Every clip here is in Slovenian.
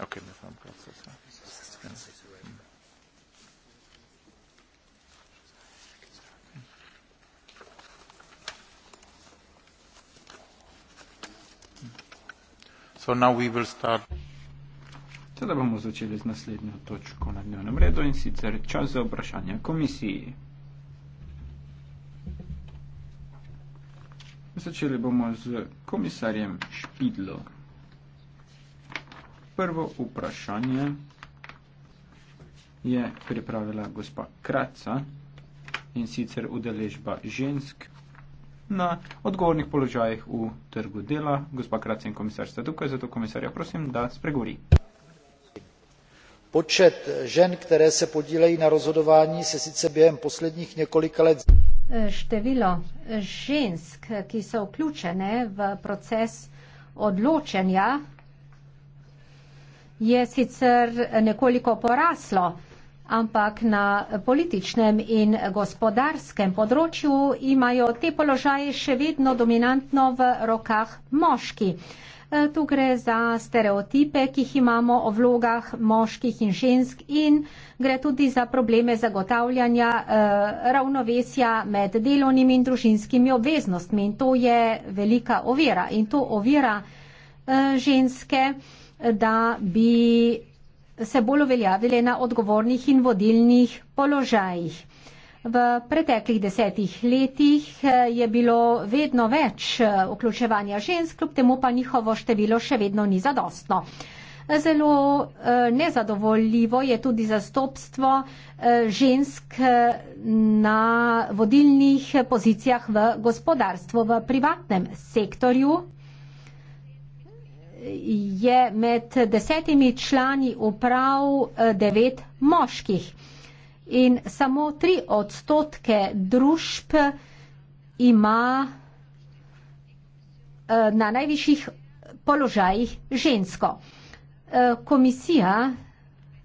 Okay, wir fahren kurz das. So now we will start. Sedaj bomo začeli z naslednjo točko na dnevnem redu in sicer čas za vprašanje komisiji. Začeli bomo z komisarjem Špidlom prvo vprašanje je pripravila gospa Kraca in sicer udeležba žensk na odgovornih položajih v trgu dela. Gospa Kraca in komisar sta tukaj, zato komisarja prosim, da spregovori. Počet žen, které se podílejí na rozhodování, se sice během posledních několika let. Število žensk, ki so vključene v proces odločenja je sicer nekoliko poraslo, ampak na političnem in gospodarskem področju imajo te položaje še vedno dominantno v rokah moški. E, tu gre za stereotipe, ki jih imamo o vlogah moških in žensk in gre tudi za probleme zagotavljanja eh, ravnovesja med delovnimi in družinskimi obveznostmi. In to je velika ovira in to ovira eh, ženske eh, da bi se bolj uveljavile na odgovornih in vodilnih položajih. V preteklih desetih letih eh, je bilo vedno več eh, vključevanja žensk, kljub temu pa njihovo število še vedno ni zadostno. Zelo eh, nezadovoljivo je tudi zastopstvo žensk na vodilnih pozicijah v gospodarstvu, v privatnem sektorju je med desetimi člani uprav eh, devet moških in samo tri odstotke družb ima eh, na najvišjih položajih žensko. Eh, komisija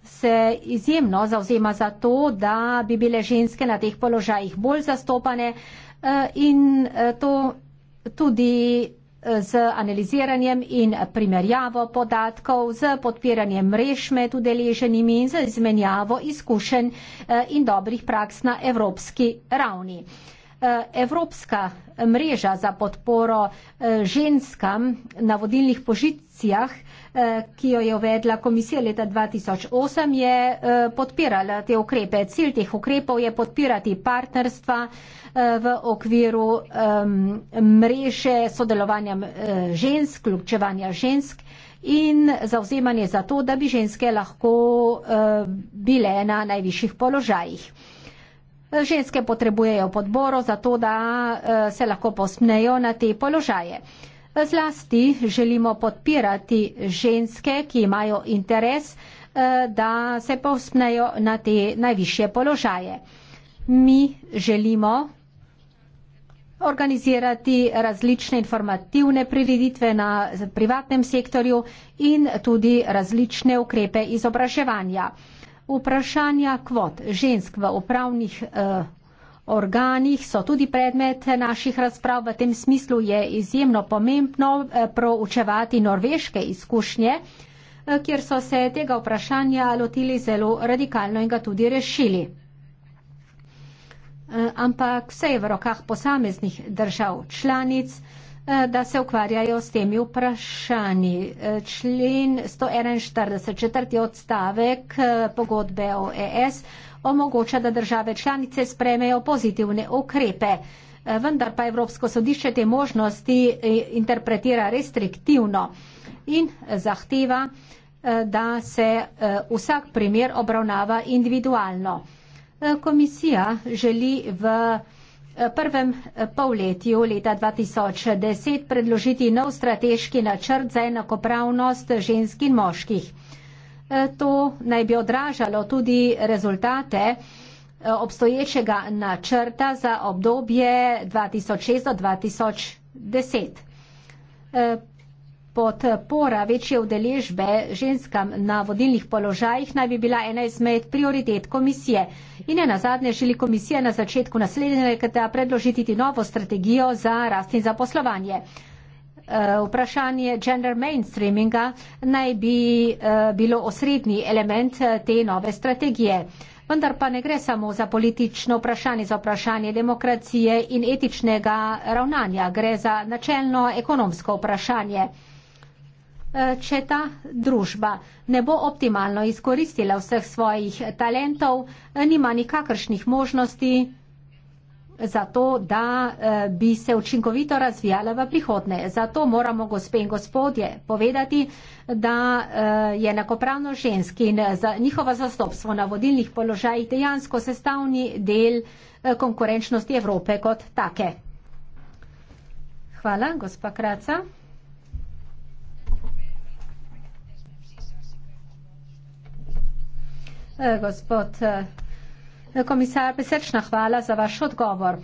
se izjemno zauzema za to, da bi bile ženske na teh položajih bolj zastopane in to tudi z analiziranjem in primerjavo podatkov, z podpiranjem mrež med udeleženimi in z izmenjavo izkušenj eh, in dobrih praks na evropski ravni. Eh, evropska mreža za podporo eh, ženskam na vodilnih požicijah Eh, ki jo je uvedla komisija leta 2008, je eh, podpirala te ukrepe. Cilj teh ukrepov je podpirati partnerstva eh, v okviru mreže sodelovanja žensk, vključevanja žensk in zauzemanje za to, da bi ženske lahko bile na najvišjih položajih. Ženske potrebujejo podboro za to, da se lahko posmnejo na te položaje. Zlasti želimo podpirati ženske, ki imajo interes, eh, da se povspnejo na te najvišje položaje. Mi želimo organizirati različne informativne prireditve na privatnem sektorju in tudi različne ukrepe izobraževanja. Vprašanja kvot žensk v upravnih eh, organih so tudi predmet naših razprav. V tem smislu je izjemno pomembno eh, proučevati norveške izkušnje, eh, kjer so se tega vprašanja lotili zelo radikalno in ga tudi rešili. Eh, ampak vse je v rokah posameznih držav članic, da se ukvarjajo s temi vprašanji. Člen 141. četrti odstavek pogodbe o ES omogoča, da države članice spremejo pozitivne ukrepe. Vendar pa Evropsko sodišče te možnosti eh, interpretira restriktivno in eh, zahteva, eh, da se vsak primer obravnava individualno. Komisija želi v prvem polletju leta 2010 predložiti nov strateški načrt za enakopravnost žensk in moških. Eh, to naj bi odražalo tudi rezultate eh, obstoječega načrta za obdobje 2006 do 2010. Eh, Podpora večje udeležbe ženskam na vodilnih položajih naj bi bila ena izmed prioritet komisije. In ena zadnja želi komisija na začetku naslednjega leta predložiti novo strategijo za rast in zaposlovanje. Eh, vprašanje gender mainstreaminga naj bi eh, bilo osrednji element eh, te nove strategije. Vendar pa ne gre samo za politično vprašanje, za vprašanje demokracije in etičnega ravnanja, gre za načelno ekonomsko vprašanje. Če ta družba ne bo optimalno izkoristila vseh svojih talentov, nima nikakršnih možnosti, zato da eh, bi se učinkovito razvijala v prihodne. Zato moramo, gospe in gospodje, povedati, da eh, je enakopravno ženski in eh, za njihovo zastopstvo na vodilnih položajih dejansko sestavni del konkurenčnosti Evrope kot take. Hvala, gospa Kraca. Gospod Komisar, besrečna hvala za vaš odgovor.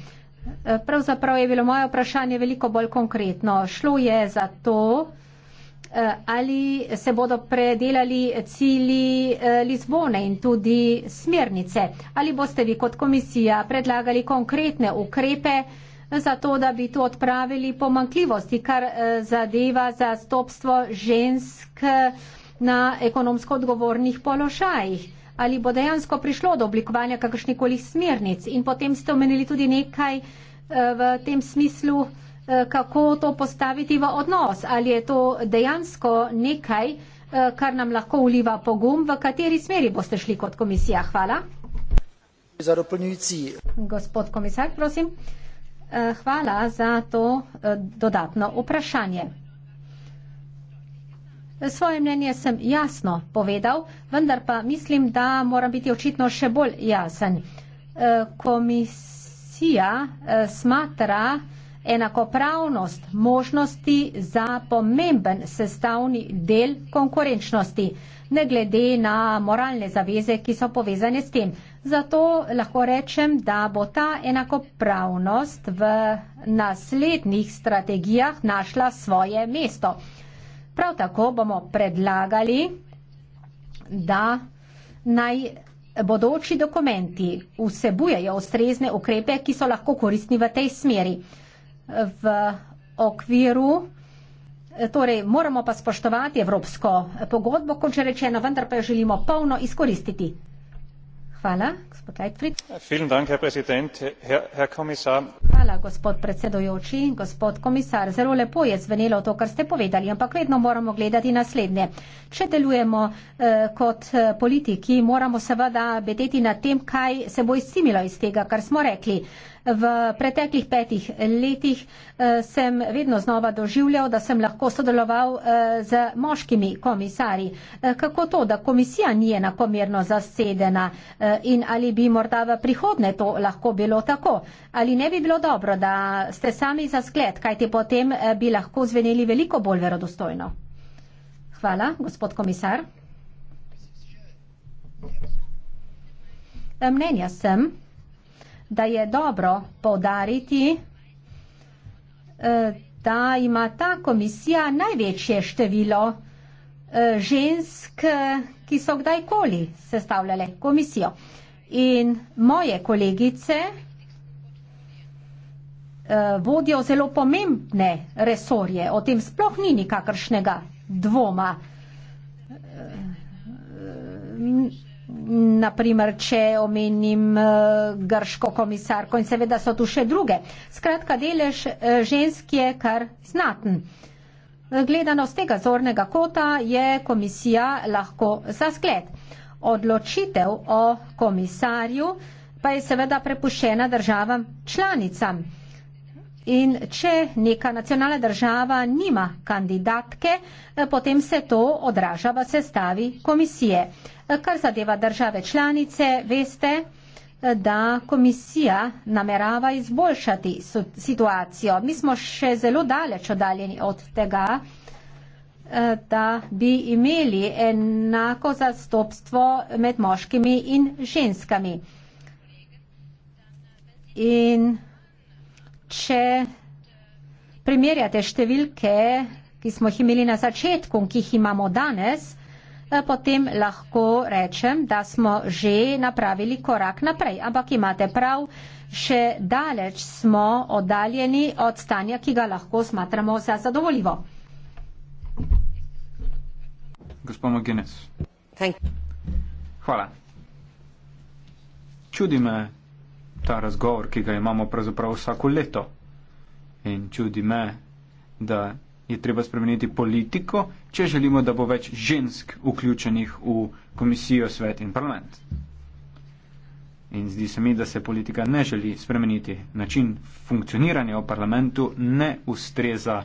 Pravzaprav je bilo moje vprašanje veliko bolj konkretno. Šlo je za to, eh, ali se bodo predelali cilji eh, Lizbone in tudi smernice. Ali boste vi kot komisija predlagali konkretne ukrepe za to, da bi tu odpravili pomankljivosti, kar eh, zadeva zastopstvo žensk na ekonomsko odgovornih položajih ali bo dejansko prišlo do oblikovanja kakršnikoli smernic. In potem ste omenili tudi nekaj eh, v tem smislu, eh, kako to postaviti v odnos. Ali je to dejansko nekaj, eh, kar nam lahko uliva pogum, v kateri smeri boste šli kot komisija. Hvala. Za dopolnjujci. Gospod komisar, prosim. Hvala za to dodatno vprašanje. Svoje mnenje sem jasno povedal, vendar pa mislim, da moram biti očitno še bolj jasen. E, komisija e, smatra enakopravnost možnosti za pomemben sestavni del konkurenčnosti, ne glede na moralne zaveze, ki so povezane s tem. Zato lahko rečem, da bo ta enakopravnost v naslednjih strategijah našla svoje mesto. Prav tako bomo predlagali, da naj bodoči dokumenti vsebujejo ustrezne ukrepe, ki so lahko koristni v tej smeri. V okviru, torej moramo pa spoštovati Evropsko pogodbo, kot že rečeno, vendar pa jo želimo polno izkoristiti. Hvala, gospod predsedujoči, gospod komisar. Zelo lepo je zvenelo to, kar ste povedali, ampak vedno moramo gledati naslednje. Če delujemo eh, kot eh, politiki, moramo seveda bedeti nad tem, kaj se bo izcimilo iz tega, kar smo rekli. Eh, V preteklih petih letih eh, sem vedno znova doživljal, da sem lahko sodeloval eh, z moškimi komisarji. Eh, kako to, da komisija ni enakomerno zasedena in ali bi morda v prihodne to lahko bilo tako? Ali ne bi bilo dobro, da ste sami za skled, kajti potem bi lahko zveneli veliko bolj verodostojno? Hvala, gospod komisar. Mnenja sem da je dobro podariti, eh, da ima ta komisija največje število eh, žensk, ki so kdajkoli sestavljale komisijo. In moje kolegice eh, vodijo zelo pomembne resorje, o tem sploh ni nikakršnega dvoma naprimer, če omenim eh, grško komisarko in seveda so tu še druge. Skratka, delež eh, žensk je kar znaten. Gledano z tega zornega kota je komisija lahko za zgled. Odločitev o komisarju pa je seveda prepuščena državam članicam. In če neka nacionalna država nima kandidatke, eh, potem se to odraža v sestavi komisije. Eh, kar zadeva države članice, veste, eh, da komisija namerava izboljšati situacijo. Mi smo še zelo daleč oddaljeni od tega, da bi imeli enako zastopstvo med moškimi in ženskami. In če primerjate številke, ki smo jih imeli na začetku in ki jih imamo danes, eh, potem lahko rečem, da smo že napravili korak naprej. Ampak imate prav, še daleč smo oddaljeni od stanja, ki ga lahko smatramo za zadovoljivo. Gospod McGuinness. Hvala. Čudi me, ta razgovor, ki ga imamo pravzaprav vsako leto. In čudi me, da je treba spremeniti politiko, če želimo, da bo več žensk vključenih v komisijo, svet in parlament. In zdi se mi, da se politika ne želi spremeniti. Način funkcioniranja v parlamentu ne ustreza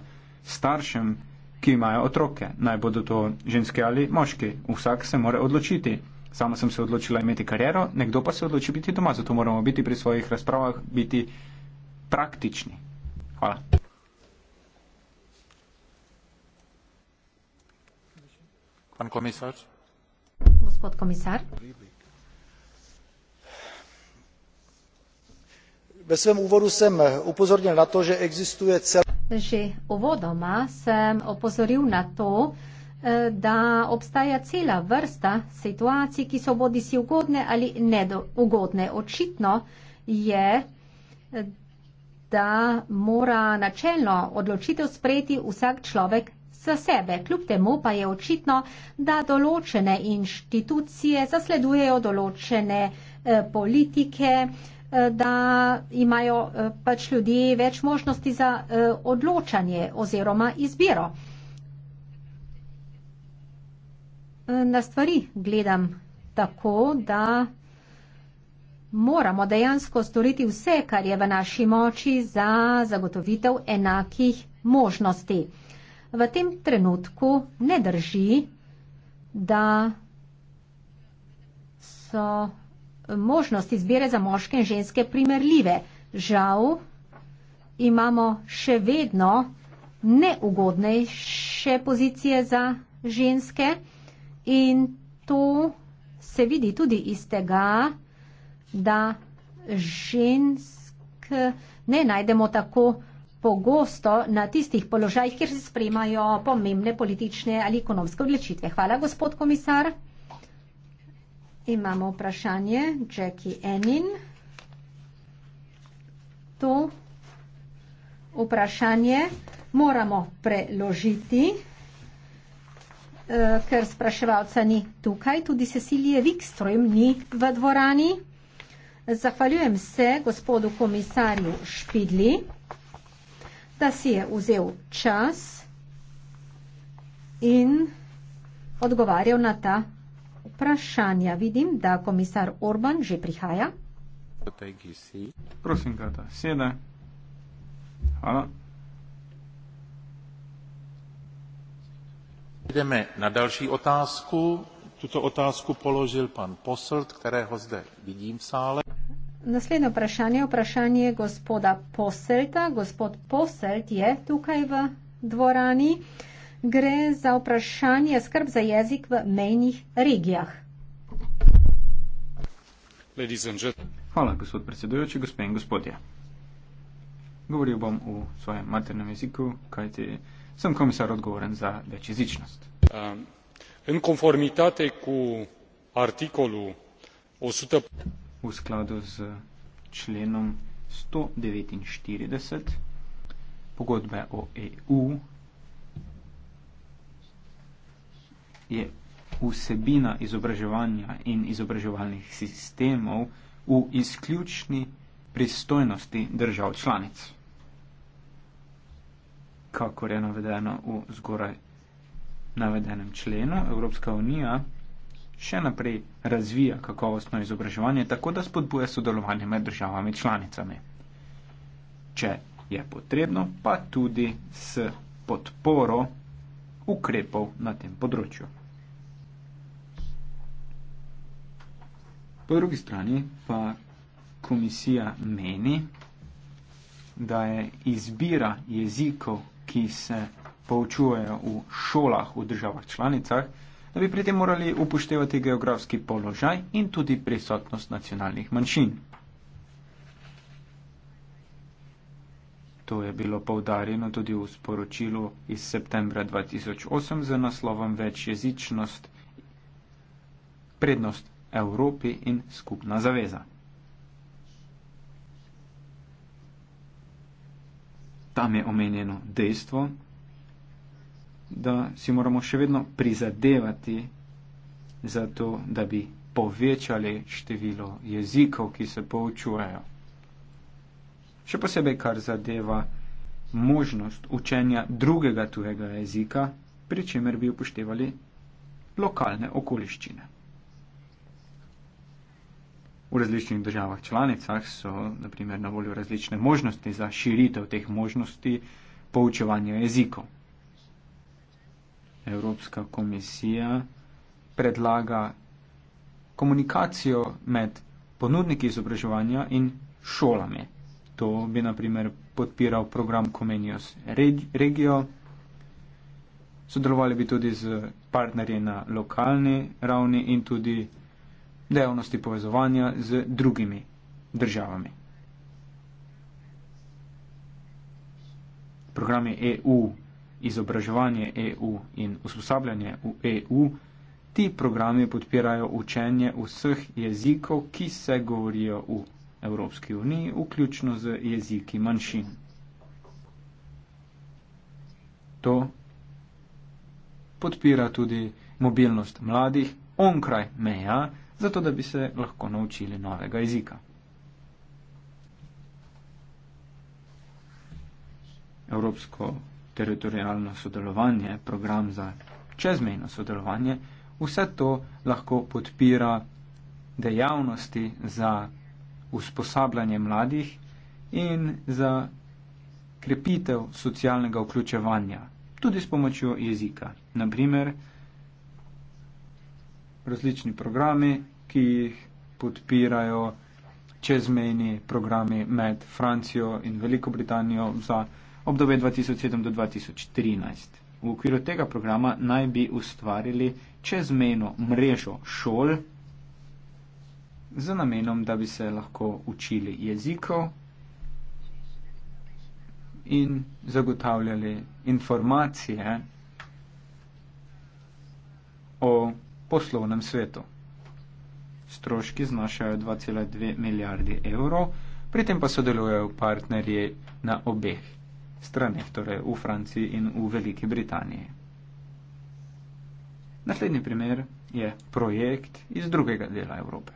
staršem, ki imajo otroke. Naj bodo to ženske ali moški. Vsak se more odločiti. Sama sem se odločila imeti kariero, nekdo pa se odloči biti doma, zato moramo biti pri svojih razpravah, biti praktični. Hvala. Pan komisar. Gospod komisar. Ve svém úvodu jsem upozornil na to, že existuje celá... Že uvodoma jsem upozoril na to, Eh, da obstaja cela vrsta situacij, ki so bodi si ugodne ali neugodne. Očitno je, eh, da mora načelno odločitev sprejeti vsak človek za sebe. Kljub temu pa je očitno, da določene inštitucije zasledujejo določene eh, politike, da imajo pač ljudje več možnosti za odločanje oziroma izbiro. na stvari gledam tako, da moramo dejansko storiti vse, kar je v naši moči za zagotovitev enakih možnosti. V tem trenutku ne drži, da so možnosti izbire za moške in ženske primerljive. Žal imamo še vedno neugodnejše pozicije za ženske. In to se vidi tudi iz tega, da žensk ne najdemo tako pogosto na tistih položajih, kjer se sprejmajo pomembne politične ali ekonomske odločitve. Hvala, gospod komisar. Imamo vprašanje Jackie Enin. To vprašanje moramo preložiti. Eh, ker spraševalca ni tukaj, tudi Cecilije Wikström ni v dvorani. Zahvaljujem se gospodu komisarju Špidli, da si je vzel čas in odgovarjal na ta vprašanja. Vidim, da komisar Orban že prihaja. Prosim, da sede. Hvala. jdeme na další otázku tuto otázku položil pan Posselt, kterého zde vidím v sále. Naslednje vprašanje je vprašanje gospoda Poselta. Gospod Poselt je tukaj v dvorani. Gre za vprašanje skrb za jezik v mejnih regijah. Hvala, gospod predsedujoči, gospe in gospodje. Govoril bom v svojem maternem jeziku, kajti Sunt comisar odgovoren za decizičnost. Um, în conformitate cu articolul 100... U skladu z členom 149 pogodbe o EU je vsebina izobraževanja in izobraževalnih sistemov v izključni pristojnosti držav članic kakor je navedeno v zgoraj navedenem členu, Evropska unija še naprej razvija kakovostno izobraževanje, tako da spodbuja sodelovanje med državami članicami. Če je potrebno, pa tudi s podporo ukrepov na tem področju. Po drugi strani pa komisija meni, da je izbira jezikov ki se poučujejo v šolah v državah članicah, da bi pri tem morali upoštevati geografski položaj in tudi prisotnost nacionalnih manjšin. To je bilo povdarjeno tudi v sporočilu iz septembra 2008 z naslovom Večjezičnost, prednost Evropi in skupna zaveza. tam je omenjeno dejstvo, da si moramo še vedno prizadevati za to, da bi povečali število jezikov, ki se poučujejo. Še posebej, kar zadeva možnost učenja drugega tujega jezika, pri čemer bi upoštevali lokalne okoliščine. V različnih državah članicah so naprimer na voljo različne možnosti za širitev teh možnosti poučevanja jezikov. Evropska komisija predlaga komunikacijo med ponudniki izobraževanja in šolami. To bi naprimer podpiral program Comenius Regio. Sodelovali bi tudi z partnerji na lokalni ravni in tudi dejavnosti povezovanja z drugimi državami. Programi EU, izobraževanje EU in usposabljanje v EU, ti programi podpirajo učenje vseh jezikov, ki se govorijo v Evropski uniji, vključno z jeziki manjšin. To podpira tudi mobilnost mladih onkraj meja, zato da bi se lahko naučili novega jezika. Evropsko teritorijalno sodelovanje, program za čezmejno sodelovanje, vse to lahko podpira dejavnosti za usposabljanje mladih in za krepitev socialnega vključevanja, tudi s pomočjo jezika. Naprimer, različni programi, ki jih podpirajo čezmejni programi med Francijo in Veliko Britanijo za obdobje 2007 do 2013. V okviru tega programa naj bi ustvarili čezmejno mrežo šol z namenom, da bi se lahko učili jezikov in zagotavljali informacije o poslovnem svetu. Stroški znašajo 2,2 milijardi evrov, pri tem pa sodelujejo partnerje na obeh straneh, torej v Franciji in v Veliki Britaniji. Naslednji primer je projekt iz drugega dela Evrope.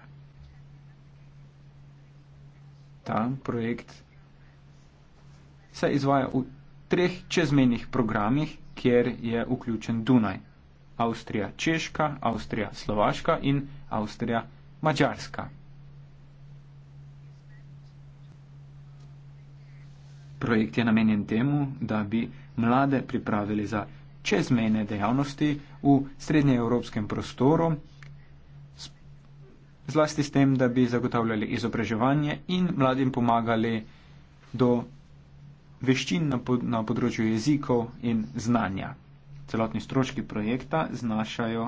Ta projekt se izvaja v treh čezmenih programih, kjer je vključen Dunaj. Avstrija Češka, Avstrija Slovaška in Avstrija Mačarska. Projekt je namenjen temu, da bi mlade pripravili za čezmejne dejavnosti v srednjeevropskem prostoru, zlasti s tem, da bi zagotavljali izobraževanje in mladim pomagali do veščin na, pod, na področju jezikov in znanja celotni stroški projekta znašajo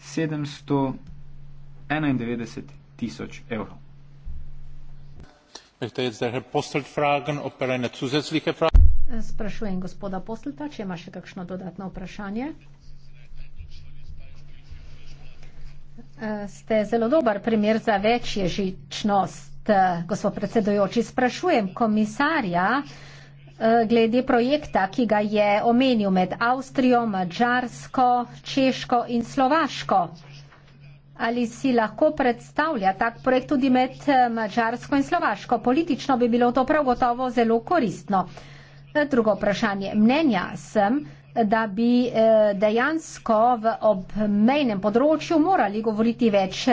791 tisoč evrov. Er Sprašujem gospoda Poslta, če ima še kakšno dodatno vprašanje. E, ste zelo dober primer za večje žičnost, e, gospod predsedujoči. Sprašujem komisarja, Eh, glede projekta, ki ga je omenil med Avstrijo, Mačarsko, Češko in Slovaško. Ali si lahko predstavlja tak projekt tudi med eh, Mačarsko in Slovaško? Politično bi bilo to prav gotovo zelo koristno. Eh, drugo vprašanje. Mnenja sem, da bi dejansko v obmejnem področju morali govoriti več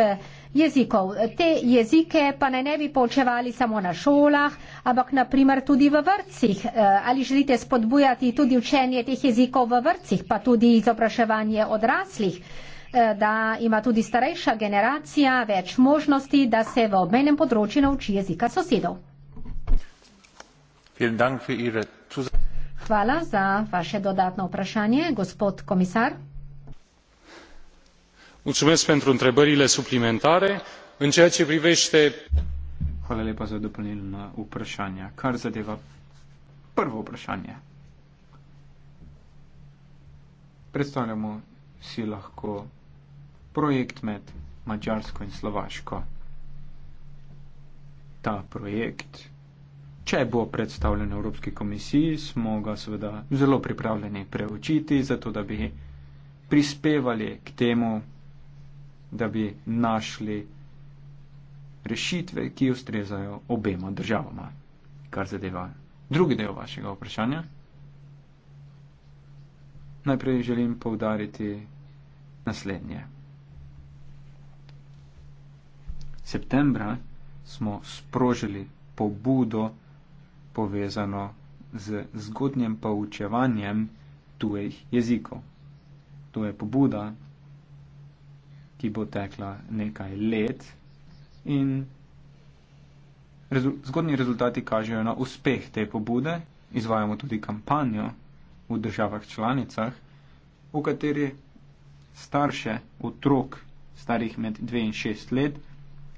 jezikov. Te jezike pa naj ne bi poučevali samo na šolah, ampak naprimer tudi v vrtcih. Eh, ali želite spodbujati tudi učenje teh jezikov v vrtcih, pa tudi izobraževanje odraslih? Eh, da ima tudi starejša generacija več možnosti, da se v obmenem področju nauči jezika sosedov. Hvala za vaše dodatno vprašanje, gospod komisar mulumesc pentru întrebările suplimentare în ceea ce privete Hvala lepa za dopolnilna vprašanja. Kar zadeva prvo vprašanje. Predstavljamo si lahko projekt med Mačarsko in Slovaško. Ta projekt, če bo predstavljen Evropski komisiji, smo ga seveda zelo pripravljeni preučiti, zato da bi prispevali k temu, da bi našli rešitve, ki ustrezajo obema državama, kar zadeva drugi del vašega vprašanja. Najprej želim povdariti naslednje. Septembra smo sprožili pobudo povezano z zgodnjem poučevanjem tujih jezikov. To je pobuda, ki bo tekla nekaj let in rezu zgodnji rezultati kažejo na uspeh te pobude. Izvajamo tudi kampanjo v državah članicah, v kateri starše otrok starih med 2 in 6 let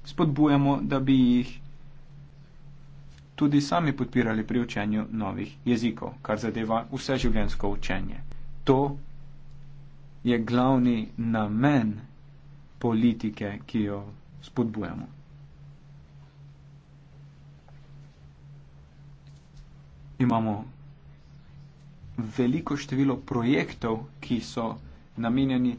spodbujamo, da bi jih tudi sami podpirali pri učenju novih jezikov, kar zadeva vse življensko učenje. To je glavni namen politike, ki jo spodbujamo. Imamo veliko število projektov, ki so namenjeni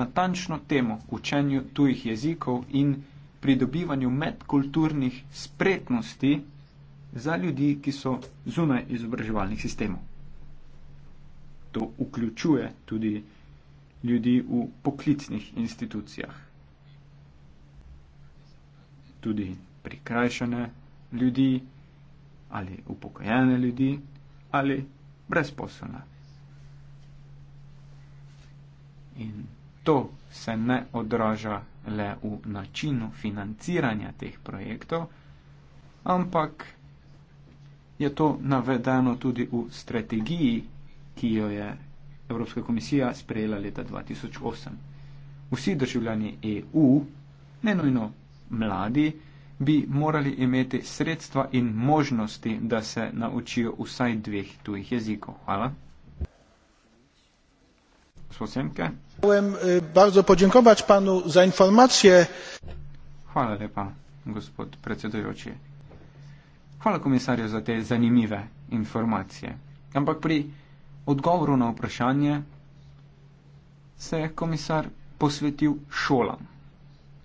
natančno temu učenju tujih jezikov in pridobivanju medkulturnih spretnosti za ljudi, ki so zunaj izobraževalnih sistemov. To vključuje tudi ljudi v poklicnih institucijah. Tudi prikrajšane ljudi ali upokojene ljudi ali brezposelne. In to se ne odraža le v načinu financiranja teh projektov, ampak je to navedeno tudi v strategiji, ki jo je Evropska komisija sprejela leta 2008. Vsi državljani EU, ne nujno mladi, bi morali imeti sredstva in možnosti, da se naučijo vsaj dveh tujih jezikov. Hvala. Sposemke. Chciałem bardzo podziękować panu za informację. Hvala lepa, gospod predsedujoči. Hvala komisarju za te zanimive informacije. Ampak pri odgovoru na vprašanje se je komisar posvetil šolam.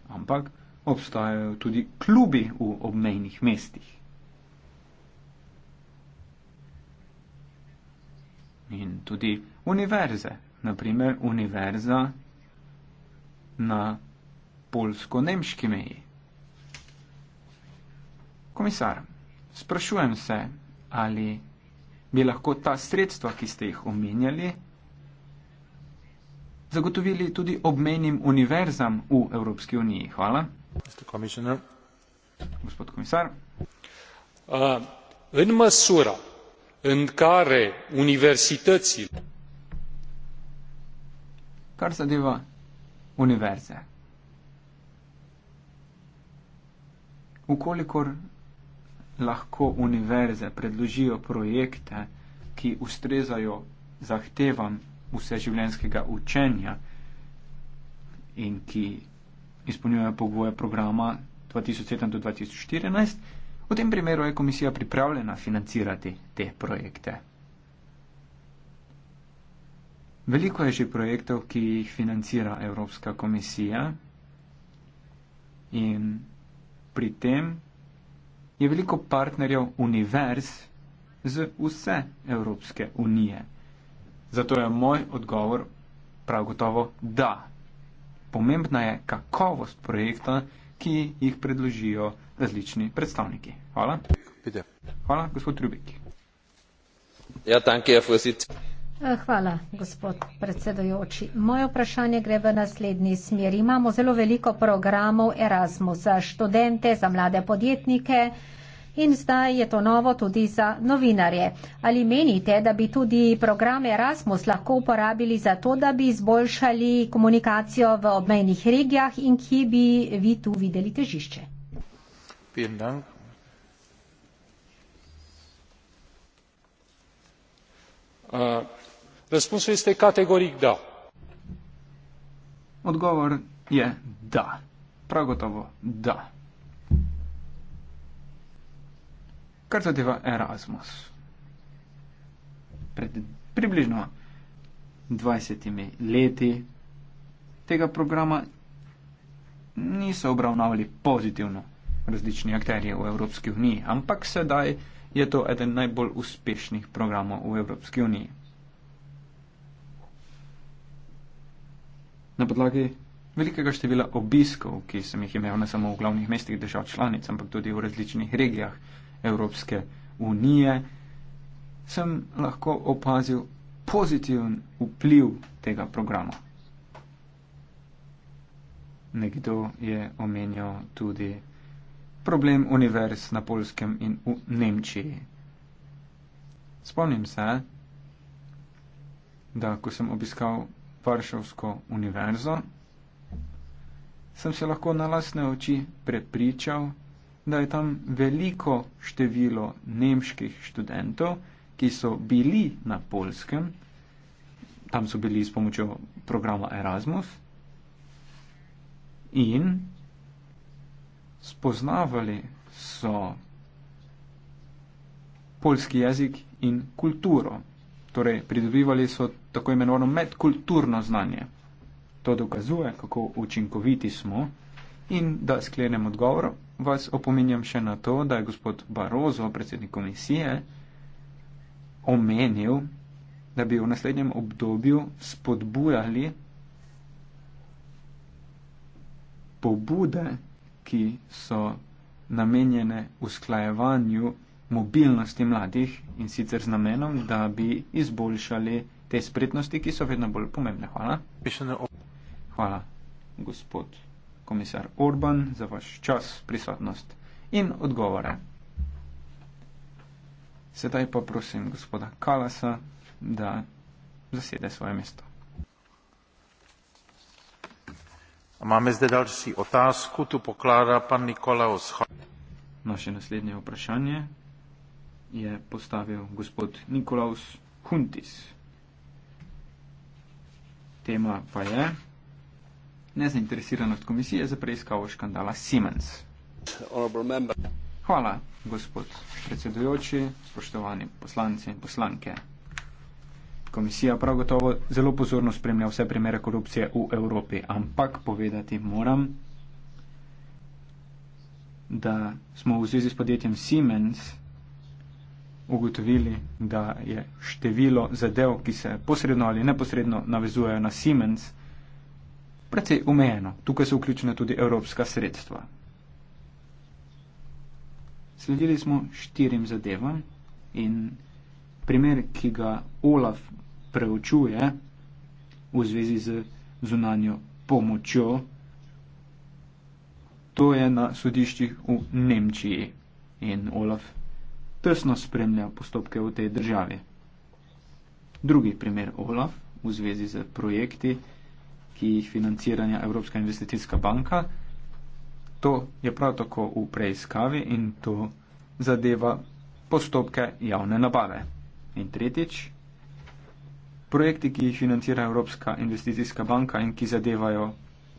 Ampak obstajajo tudi klubi v obmejnih mestih. In tudi univerze, naprimer univerza na polsko-nemški meji. Komisar, sprašujem se, ali bi lahko ta sredstva, ki ste jih omenjali, zagotovili tudi obmenim univerzam v Evropski uniji. Hvala. Gospod komisar. Uh, în măsura în care universitățile. Kar zadeva univerze. Ukolikor lahko univerze predložijo projekte, ki ustrezajo zahtevam vseživljenskega učenja in ki izpolnjujejo pogoje programa 2007 do 2014, v tem primeru je komisija pripravljena financirati te projekte. Veliko je že projektov, ki jih financira Evropska komisija in pri tem je veliko partnerjev univerz z vse Evropske unije. Zato je moj odgovor prav gotovo da. Pomembna je kakovost projekta, ki jih predložijo različni predstavniki. Hvala. Bitte. Hvala, gospod Rubik. Ja, danke, Herr Vorsitz. Eh, hvala, gospod predsedojoči. Moje vprašanje gre v naslednji smeri. Imamo zelo veliko programov Erasmus za študente, za mlade podjetnike in zdaj je to novo tudi za novinarje. Ali menite, da bi tudi program Erasmus lahko uporabili za to, da bi izboljšali komunikacijo v obmejnih regijah in ki bi vi tu videli težišče? Uh, răspunsul este categoric da. Odgovor je da. Prav gotovo da. Kar zadeva Erasmus. Pred približno 20 leti tega programa niso obravnavali pozitivno različni akterje v Evropski uniji, ampak sedaj je to eden najbolj uspešnih programov v Evropski uniji. na podlagi velikega števila obiskov, ki sem jih imel ne samo v glavnih mestih držav članic, ampak tudi v različnih regijah Evropske unije, sem lahko opazil pozitiven vpliv tega programa. Nekdo je omenjal tudi problem univerz na polskem in v Nemčiji. Spomnim se, da ko sem obiskal Varšavsko univerzo, sem se lahko na lasne oči prepričal, da je tam veliko število nemških študentov, ki so bili na polskem, tam so bili s pomočjo programa Erasmus in spoznavali so polski jezik in kulturo. Torej, pridobivali so tako imenovano medkulturno znanje. To dokazuje, kako učinkoviti smo. In da sklenem odgovor, vas opominjam še na to, da je gospod Barozo, predsednik komisije, omenil, da bi v naslednjem obdobju spodbujali pobude, ki so namenjene usklajevanju mobilnosti mladih in sicer z namenom, da bi izboljšali te spretnosti, ki so vedno bolj pomembne. Hvala. Hvala, gospod komisar Orban, za vaš čas, prisotnost in odgovore. Sedaj pa prosim gospoda Kalasa, da zasede svoje mesto. Máme zde další otázku, tu pokládá pan Nikolaus. No, še naslednje vprašanje je postavil gospod Nikolaus Huntis. Tema pa je nezainteresiranost komisije za preiskavo škandala Siemens. Hvala, gospod predsedujoči, spoštovani poslanci in poslanke. Komisija prav gotovo zelo pozorno spremlja vse primere korupcije v Evropi, ampak povedati moram, da smo v zvezi s podjetjem Siemens ugotovili, da je število zadev, ki se posredno ali neposredno navezujejo na Siemens, precej omejeno. Tukaj so vključene tudi evropska sredstva. Sledili smo štirim zadevam in primer, ki ga Olaf preučuje v zvezi z zunanjo pomočjo, to je na sodiščih v Nemčiji. In Olaf tesno spremlja postopke v tej državi. Drugi primer Olaf v zvezi z projekti, ki jih financiranja Evropska investicijska banka, to je prav tako v preiskavi in to zadeva postopke javne nabave. In tretjič, projekti, ki jih financira Evropska investicijska banka in ki zadevajo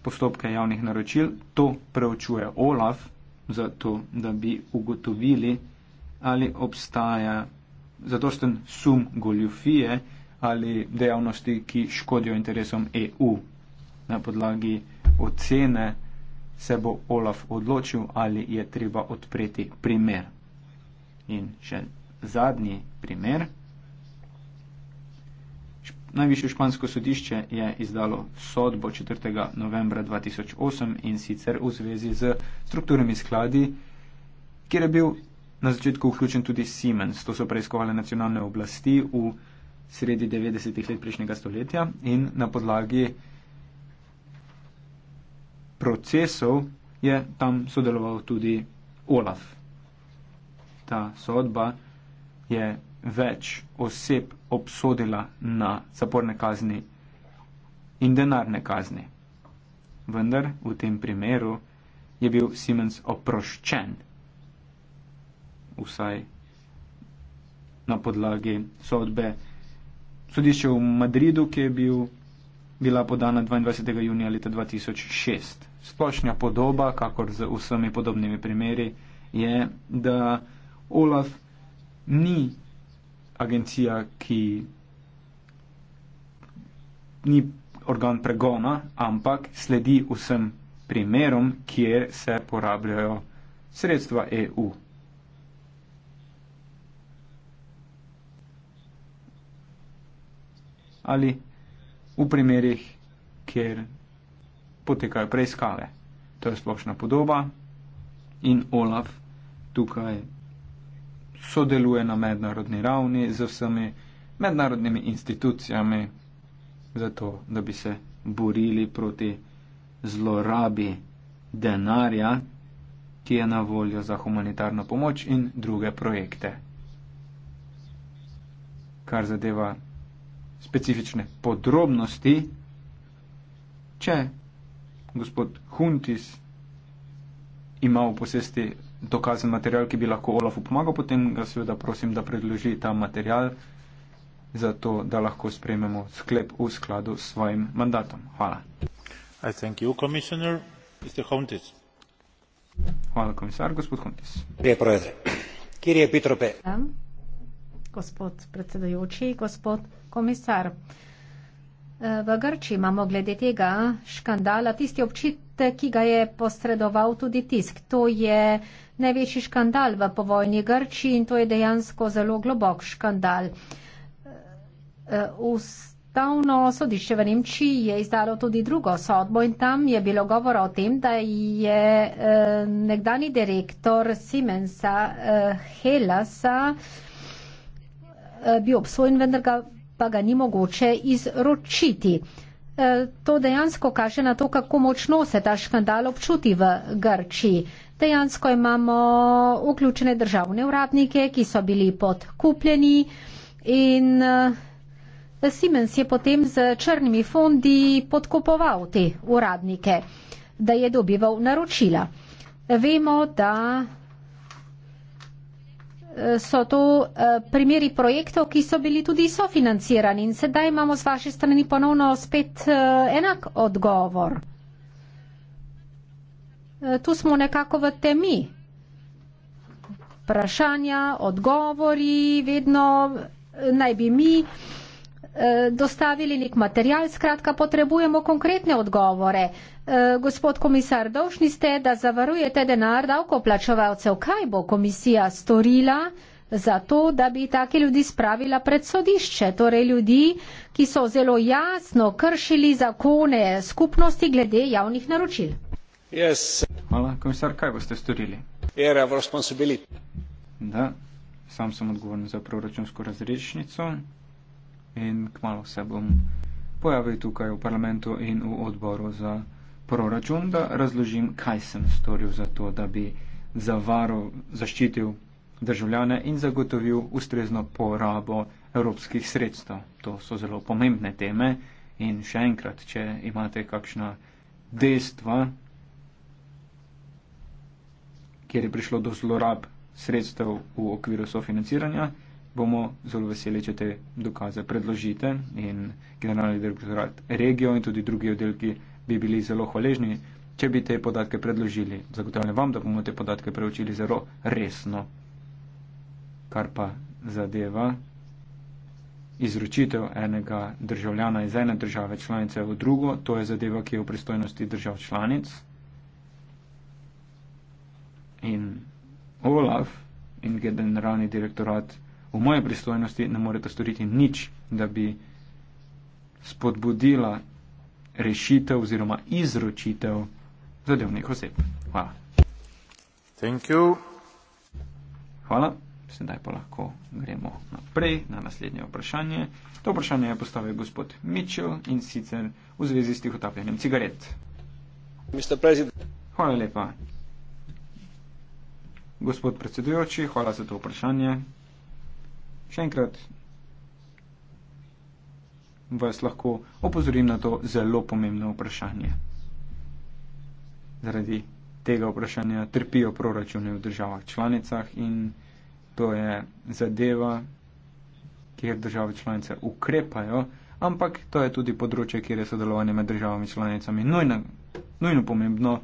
postopke javnih naročil, to preučuje Olaf, zato da bi ugotovili, ali obstaja zadosten sum goljufije ali dejavnosti, ki škodijo interesom EU. Na podlagi ocene se bo Olaf odločil, ali je treba odpreti primer. In še zadnji primer. Najvišje špansko sodišče je izdalo sodbo 4. novembra 2008 in sicer v zvezi z strukturnimi skladi, kjer je bil na začetku vključen tudi Siemens. To so preiskovali nacionalne oblasti v sredi 90-ih let prejšnjega stoletja in na podlagi procesov je tam sodeloval tudi Olaf. Ta sodba je več oseb obsodila na zaporne kazni in denarne kazni. Vendar v tem primeru je bil Siemens oproščen vsaj na podlagi sodbe sodišča v Madridu, ki je bil, bila podana 22. junija leta 2006. Splošnja podoba, kakor z vsemi podobnimi primeri, je, da Olaf ni agencija, ki ni organ pregona, ampak sledi vsem primerom, kjer se porabljajo sredstva EU. ali v primerih, kjer potekajo preiskave. To je splošna podoba in Olaf tukaj sodeluje na mednarodni ravni z vsemi mednarodnimi institucijami, zato da bi se borili proti zlorabi denarja, ki je na voljo za humanitarno pomoč in druge projekte. Kar zadeva specifične podrobnosti, če gospod Huntis ima v posesti dokazen material, ki bi lahko Olafu pomagal, potem ga seveda prosim, da predloži ta material, zato da lahko sprejmemo sklep v skladu s svojim mandatom. Hvala. Hvala, komisar, gospod Huntis. Kje je Petrope? Tam gospod predsedajoči, gospod komisar. E, v Grči imamo glede tega škandala tisti občitek, ki ga je posredoval tudi tisk. To je največji škandal v povojni Grči in to je dejansko zelo globok škandal. E, ustavno sodišče v Nemčiji je izdalo tudi drugo sodbo in tam je bilo govora o tem, da je e, nekdani direktor Siemensa Helasa Eh, bil obsojen, vendar ga, pa ga ni mogoče izročiti. Eh, to dejansko kaže na to, kako močno se ta škandal občuti v Grčiji. Dejansko imamo vključene državne uradnike, ki so bili podkupljeni in eh, Siemens je potem z črnimi fondi podkupoval te uradnike, da je dobival naročila. Vemo, da so to eh, primeri projektov, ki so bili tudi sofinancirani in sedaj imamo z vaše strani ponovno spet eh, enak odgovor. Eh, tu smo nekako v temi. Vprašanja, odgovori, vedno naj bi mi dostavili nek material, skratka potrebujemo konkretne odgovore. Eh, gospod komisar, dolžni ste, da zavarujete denar davkoplačevalcev. Kaj bo komisija storila za to, da bi take ljudi spravila pred sodišče? Torej ljudi, ki so zelo jasno kršili zakone skupnosti glede javnih naročil. Yes. Hvala, komisar, kaj boste storili? Era of responsibility. Da, sam sem odgovoren za proračunsko razrešnico in kmalo se bom pojavil tukaj v parlamentu in v odboru za proračun, da razložim, kaj sem storil za to, da bi zavaro, zaščitil državljane in zagotovil ustrezno porabo evropskih sredstev. To so zelo pomembne teme in še enkrat, če imate kakšna dejstva, kjer je prišlo do zlorab sredstev v okviru sofinanciranja, bomo zelo veseli, če te dokaze predložite in generalni direktorat regijo in tudi drugi oddelki bi bili zelo hvaležni, če bi te podatke predložili. Zagotavljam vam, da bomo te podatke preučili zelo resno. Kar pa zadeva izročitev enega državljana iz ene države članice v drugo, to je zadeva, ki je v pristojnosti držav članic. In Olaf in generalni direktorat v moje pristojnosti ne moreta storiti nič, da bi spodbudila rešitev oziroma izročitev zadevnih oseb. Hvala. Thank you. Hvala. Sedaj pa lahko gremo naprej na naslednje vprašanje. To vprašanje je postavil gospod Mitchell in sicer v zvezi s tihotapljanjem cigaret. Hvala lepa. Gospod predsedujoči, hvala za to vprašanje. Še enkrat vas lahko opozorim na to zelo pomembno vprašanje. Zaradi tega vprašanja trpijo proračune v državah članicah in to je zadeva, kjer države članice ukrepajo, ampak to je tudi področje, kjer je sodelovanje med državami članicami nujno, nujno pomembno,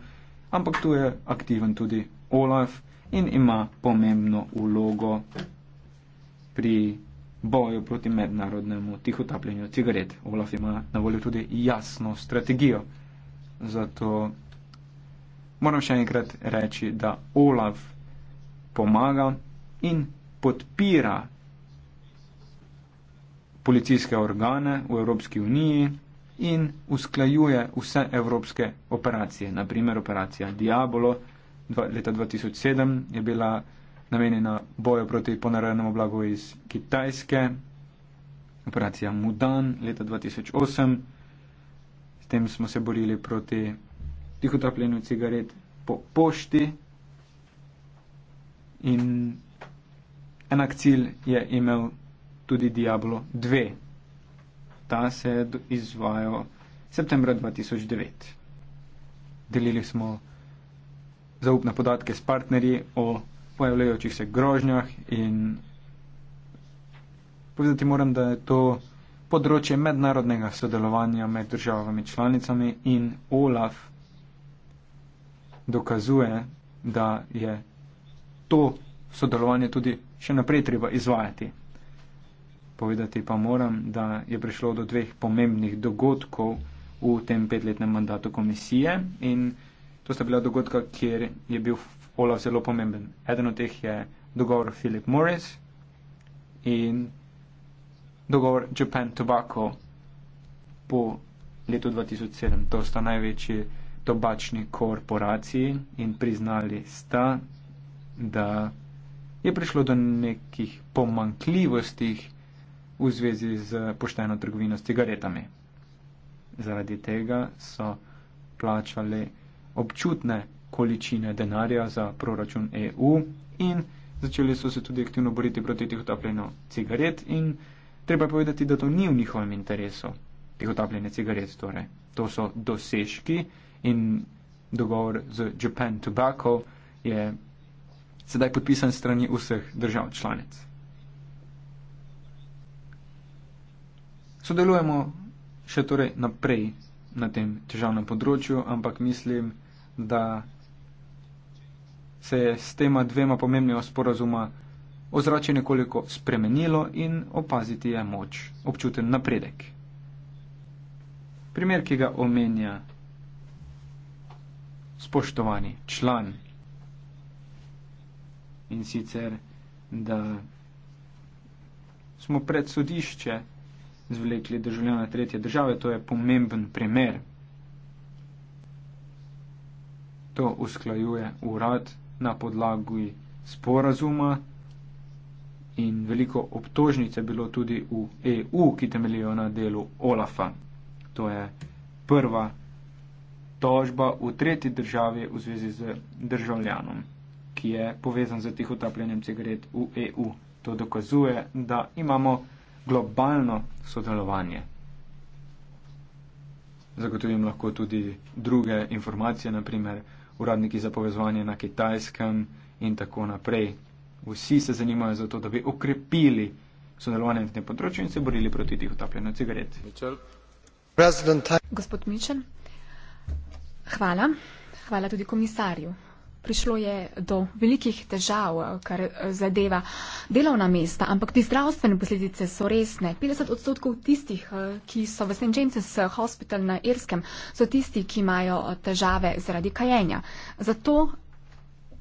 ampak tu je aktiven tudi OLAF in ima pomembno ulogo pri boju proti mednarodnemu tihotapljenju cigaret. Olaf ima na voljo tudi jasno strategijo. Zato moram še enkrat reči, da Olaf pomaga in podpira policijske organe v Evropski uniji in usklajuje vse evropske operacije. Naprimer, operacija Diabolo leta 2007 je bila namenjena boju proti ponarejenemu blagu iz Kitajske, operacija Mudan leta 2008. S tem smo se borili proti tihotapljenju cigaret po pošti in enak cilj je imel tudi Diablo 2. Ta se je izvajal septembra 2009. Delili smo zaupne podatke s partnerji o pojavljajočih se grožnjah in povedati moram, da je to področje mednarodnega sodelovanja med državami članicami in OLAF dokazuje, da je to sodelovanje tudi še naprej treba izvajati. Povedati pa moram, da je prišlo do dveh pomembnih dogodkov v tem petletnem mandatu komisije in to sta bila dogodka, kjer je bil Olaf zelo pomemben. Eden od teh je dogovor Philip Morris in dogovor Japan Tobacco po letu 2007. To sta največji tobačni korporaciji in priznali sta, da je prišlo do nekih pomankljivostih v zvezi z pošteno trgovino s cigaretami. Zaradi tega so plačali občutne količine denarja za proračun EU in začeli so se tudi aktivno boriti proti tihotapljenju cigaret in treba je povedati, da to ni v njihovem interesu, tihotapljenje cigaret torej. To so dosežki in dogovor z Japan Tobacco je sedaj podpisan strani vseh držav članic. Sodelujemo še torej naprej na tem težavnem področju, ampak mislim, da se je s tema dvema pomembnima sporazuma ozračje nekoliko spremenilo in opaziti je moč občuten napredek. Primer, ki ga omenja spoštovani član in sicer, da smo pred sodišče zvlekli državljana tretje države, to je pomemben primer. To usklajuje urad na podlagi sporazuma in veliko obtožnice bilo tudi v EU, ki temeljijo na delu Olafa. To je prva tožba v tretji državi v zvezi z državljanom, ki je povezan z tihotapljenjem cigaret v EU. To dokazuje, da imamo globalno sodelovanje. Zagotovim lahko tudi druge informacije, naprimer, uradniki za povezovanje na kitajskem in tako naprej. Vsi se zanimajo za to, da bi okrepili sodelovanje na tem področju in se borili proti tih utapljanju cigaret. Gospod Mičen, hvala. Hvala tudi komisarju prišlo je do velikih težav, kar zadeva delovna mesta, ampak te zdravstvene posledice so resne. 50 odstotkov tistih, eh, ki so v St. James's Hospital na Irskem, so tisti, ki imajo eh, težave zaradi kajenja. Zato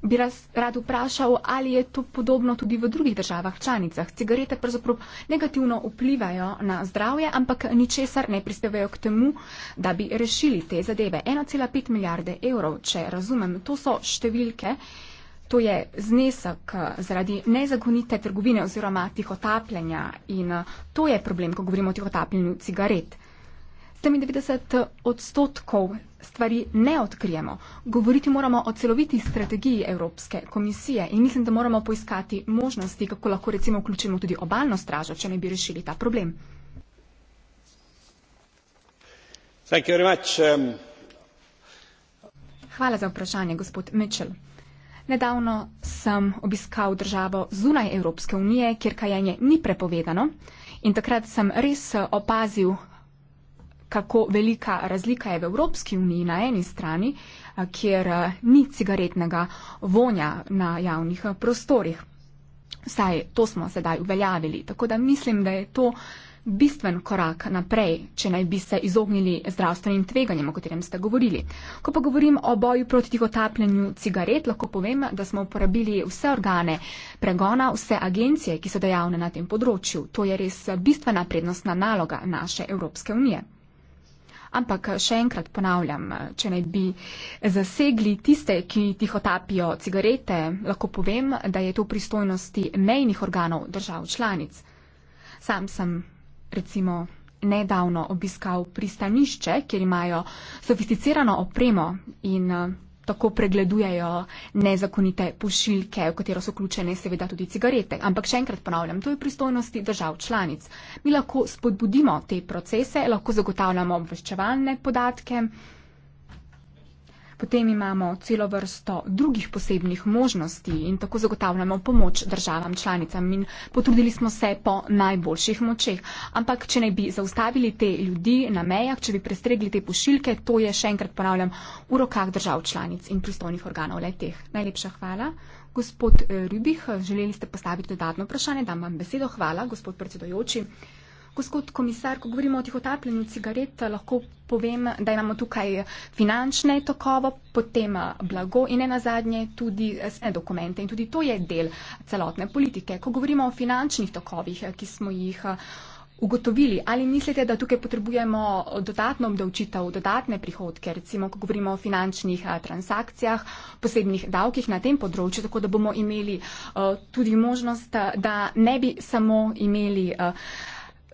bi raz, rad vprašal, ali je to podobno tudi v drugih državah članicah. Cigarete pravzaprav negativno vplivajo na zdravje, ampak ničesar ne prispevajo k temu, da bi rešili te zadeve. 1,5 milijarde evrov, če razumem, to so številke, to je znesek zaradi nezakonite trgovine oziroma tihotapljanja in to je problem, ko govorimo o tihotapljanju cigaret. 97 odstotkov stvari ne odkrijemo. Govoriti moramo o celoviti strategiji Evropske komisije in mislim, da moramo poiskati možnosti, kako lahko recimo vključimo tudi obalno stražo, če ne bi rešili ta problem. Um, Hvala za vprašanje, gospod Mitchell. Nedavno sem obiskal državo zunaj Evropske unije, kjer kajenje ni prepovedano in takrat sem res opazil, kako velika razlika je v Evropski uniji na eni strani, kjer ni cigaretnega vonja na javnih prostorih. Vsaj to smo sedaj uveljavili, tako da mislim, da je to bistven korak naprej, če naj bi se izognili zdravstvenim tveganjem, o katerem ste govorili. Ko pa govorim o boju proti tihotapljenju cigaret, lahko povem, da smo uporabili vse organe pregona, vse agencije, ki so dejavne na tem področju. To je res bistvena prednostna naloga naše Evropske unije. Ampak še enkrat ponavljam, če naj bi zasegli tiste, ki tihotapijo cigarete, lahko povem, da je to v pristojnosti mejnih organov držav članic. Sam sem recimo nedavno obiskal pristanišče, kjer imajo sofisticirano opremo in tako pregledujejo nezakonite pošiljke, v katero so vključene seveda tudi cigarete. Ampak še enkrat ponavljam, to je pristojnosti držav članic. Mi lahko spodbudimo te procese, lahko zagotavljamo obveščevalne podatke. Potem imamo celo vrsto drugih posebnih možnosti in tako zagotavljamo pomoč državam članicam in potrudili smo se po najboljših močeh. Ampak, če ne bi zaustavili te ljudi na mejah, če bi prestregli te pošiljke, to je še enkrat ponavljam v rokah držav članic in pristojnih organov le teh. Najlepša hvala. Gospod eh, Rubih, želeli ste postaviti dodatno vprašanje, dam vam besedo. Hvala, gospod predsedojoči. Gospod komisar, ko govorimo o tihotapljenju cigaret, lahko povem, da imamo tukaj finančne tokovo, potem eh, blago in ena zadnje tudi eh, sne eh, dokumente. In tudi to je del celotne politike. Ko govorimo o finančnih tokovih, ki smo jih ugotovili, ali mislite, da tukaj potrebujemo dodatno obdavčitev, dodatne prihodke, recimo, ko govorimo o finančnih transakcijah, posebnih davkih na tem področju, tako da bomo imeli tudi možnost, da ne bi samo imeli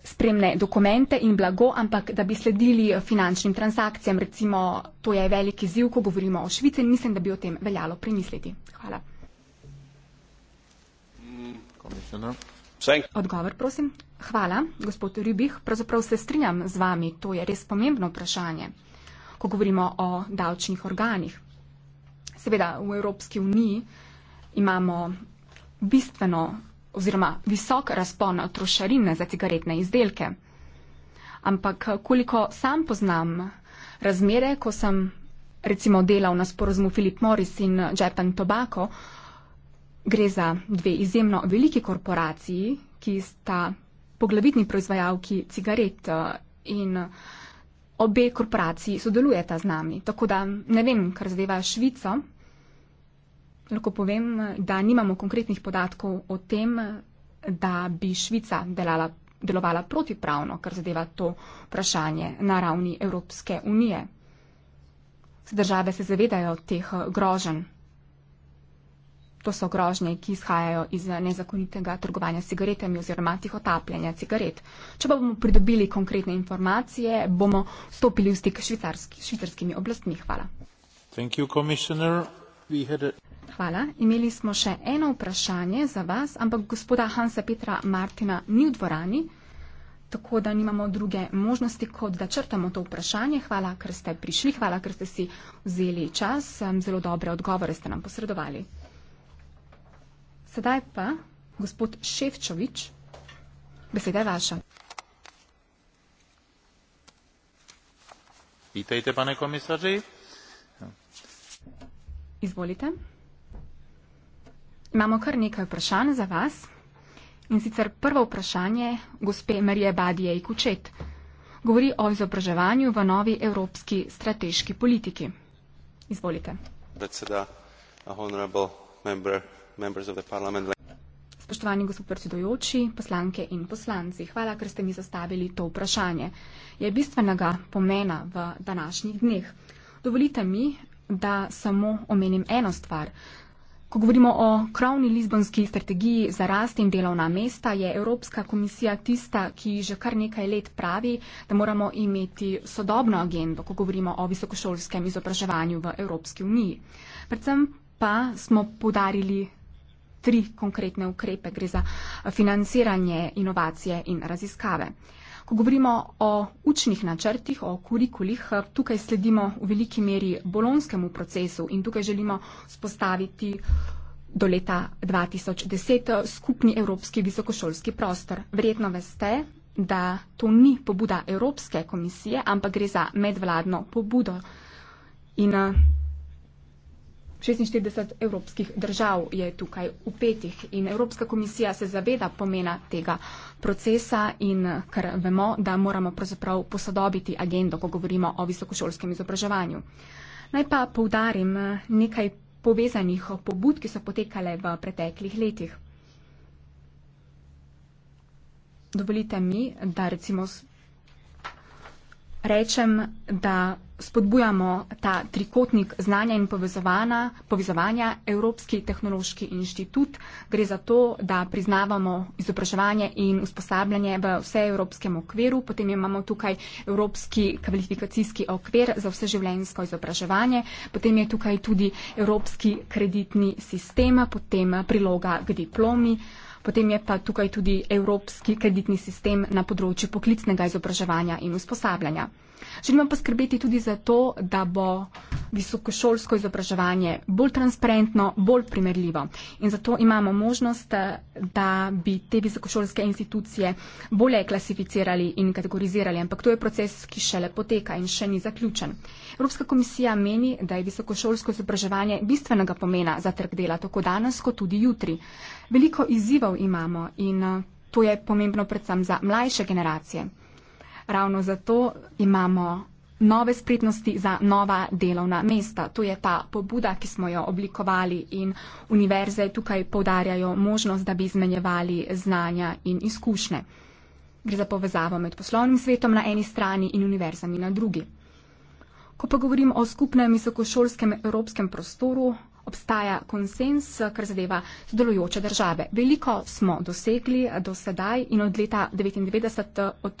spremne dokumente in blago, ampak da bi sledili finančnim transakcijam. Recimo, to je velik izziv, ko govorimo o Švici in mislim, da bi o tem veljalo premisliti. Hvala. Odgovor, prosim. Hvala, gospod Ribih. Pravzaprav se strinjam z vami, to je res pomembno vprašanje, ko govorimo o davčnih organih. Seveda, v Evropski uniji imamo bistveno oziroma visok razpon trošarine za cigaretne izdelke. Ampak koliko sam poznam razmere, ko sem recimo delal na sporozumu Philip Morris in Japan Tobacco, gre za dve izjemno veliki korporaciji, ki sta poglavitni proizvajalki cigaret eh, in obe korporaciji sodelujeta z nami. Tako da ne vem, kar zadeva Švico. Lahko povem, da nimamo konkretnih podatkov o tem, da bi Švica delala, delovala protipravno, kar zadeva to vprašanje na ravni Evropske unije. Države se zavedajo teh groženj. To so grožnje, ki izhajajo iz nezakonitega trgovanja s cigaretami oziroma tih otapljanja cigaret. Če pa bomo pridobili konkretne informacije, bomo stopili v stik s švicarskimi oblastmi. Hvala. Thank you, hvala. Imeli smo še eno vprašanje za vas, ampak gospoda Hansa Petra Martina ni v dvorani, tako da nimamo druge možnosti, kot da črtamo to vprašanje. Hvala, ker ste prišli, hvala, ker ste si vzeli čas, zelo dobre odgovore ste nam posredovali. Sedaj pa gospod Ševčovič, beseda je vaša. Pitajte, pane komisarji. Izvolite imamo kar nekaj vprašanj za vas. In sicer prvo vprašanje gospe Marije Badijej Kučet. Govori o izobraževanju v novi evropski strateški politiki. Izvolite. Spoštovani gospod predsedujoči, poslanke in poslanci, hvala, ker ste mi zastavili to vprašanje. Je bistvenega pomena v današnjih dneh. Dovolite mi, da samo omenim eno stvar. Ko govorimo o krovni Lizbonski strategiji za rast in delovna mesta, je Evropska komisija tista, ki že kar nekaj let pravi, da moramo imeti sodobno agendo, ko govorimo o visokošolskem izobraževanju v Evropski uniji. Predvsem pa smo podarili tri konkretne ukrepe. Gre za financiranje inovacije in raziskave. Ko govorimo o učnih načrtih, o kurikulih, tukaj sledimo v veliki meri bolonskemu procesu in tukaj želimo spostaviti do leta 2010 skupni evropski visokošolski prostor. Vredno veste, da to ni pobuda Evropske komisije, ampak gre za medvladno pobudo in 46 eh, evropskih držav je tukaj upetih in Evropska komisija se zaveda pomena tega procesa in ker vemo, da moramo pravzaprav posodobiti agendo, ko govorimo o visokošolskem izobraževanju. Naj pa poudarim eh, nekaj povezanih pobud, ki so potekale v preteklih letih. Dovolite mi, da recimo rečem, da spodbujamo ta trikotnik znanja in povezovanja Evropski tehnološki inštitut. Gre za to, da priznavamo izobraževanje in usposabljanje v vseevropskem okviru, potem imamo tukaj Evropski kvalifikacijski okvir za vseživljenjsko izobraževanje, potem je tukaj tudi Evropski kreditni sistem, potem priloga k diplomi. Potem je pa tukaj tudi Evropski kreditni sistem na področju poklicnega izobraževanja in usposabljanja. Želimo poskrbeti tudi za to, da bo visokošolsko izobraževanje bolj transparentno, bolj primerljivo. In zato imamo možnost, da bi te visokošolske institucije bolje klasificirali in kategorizirali, ampak to je proces, ki šele poteka in še ni zaključen. Evropska komisija meni, da je visokošolsko izobraževanje bistvenega pomena za trg dela, tako danes kot tudi jutri. Veliko izzivov imamo in to je pomembno predvsem za mlajše generacije. Ravno zato imamo nove spretnosti za nova delovna mesta. To je ta pobuda, ki smo jo oblikovali in univerze tukaj povdarjajo možnost, da bi izmenjevali znanja in izkušnje. Gre za povezavo med poslovnim svetom na eni strani in univerzami na drugi. Ko pa govorim o skupnem visokošolskem evropskem prostoru, obstaja konsens, kar zadeva sodelujoče države. Veliko smo dosegli do sedaj in od leta 1999,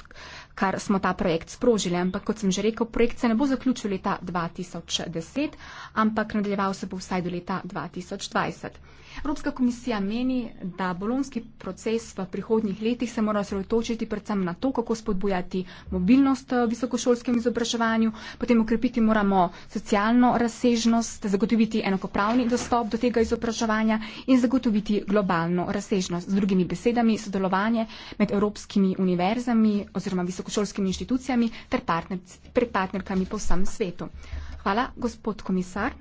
kar smo ta projekt sprožili. Ampak kot sem že rekel, projekt se ne bo zaključil leta 2010, ampak nadaljeval se bo vsaj do leta 2020. Evropska komisija meni, da bolonski proces v prihodnjih letih se mora osredotočiti predvsem na to, kako spodbujati mobilnost v eh, visokošolskem izobraževanju, potem ukrepiti moramo socialno razsežnost, zagotoviti enakopravni dostop do tega izobraževanja in zagotoviti globalno razsežnost. Z drugimi besedami, sodelovanje med evropskimi univerzami oziroma visokošolskimi inštitucijami ter partner, partnerkami po vsem svetu. Hvala, gospod komisar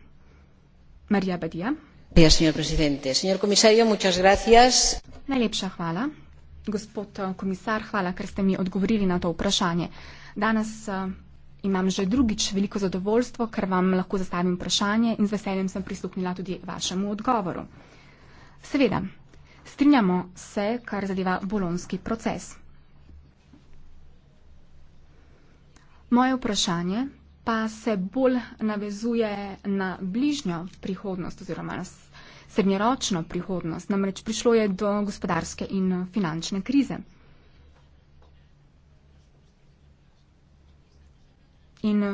Marija Badija. Señor presidente, señor comisario, muchas gracias. Najlepša hvala. Gospod eh, komisar, hvala, ker ste mi odgovorili na to vprašanje. Danes uh, imam že drugič veliko zadovoljstvo, ker vam lahko zastavim vprašanje in z veseljem sem prisluhnila tudi vašemu odgovoru. Seveda, strinjamo se, kar zadeva bolonski proces. Moje vprašanje pa se bolj navezuje na bližnjo prihodnost oziroma nas srednjeročno prihodnost, namreč prišlo je do gospodarske in finančne krize. In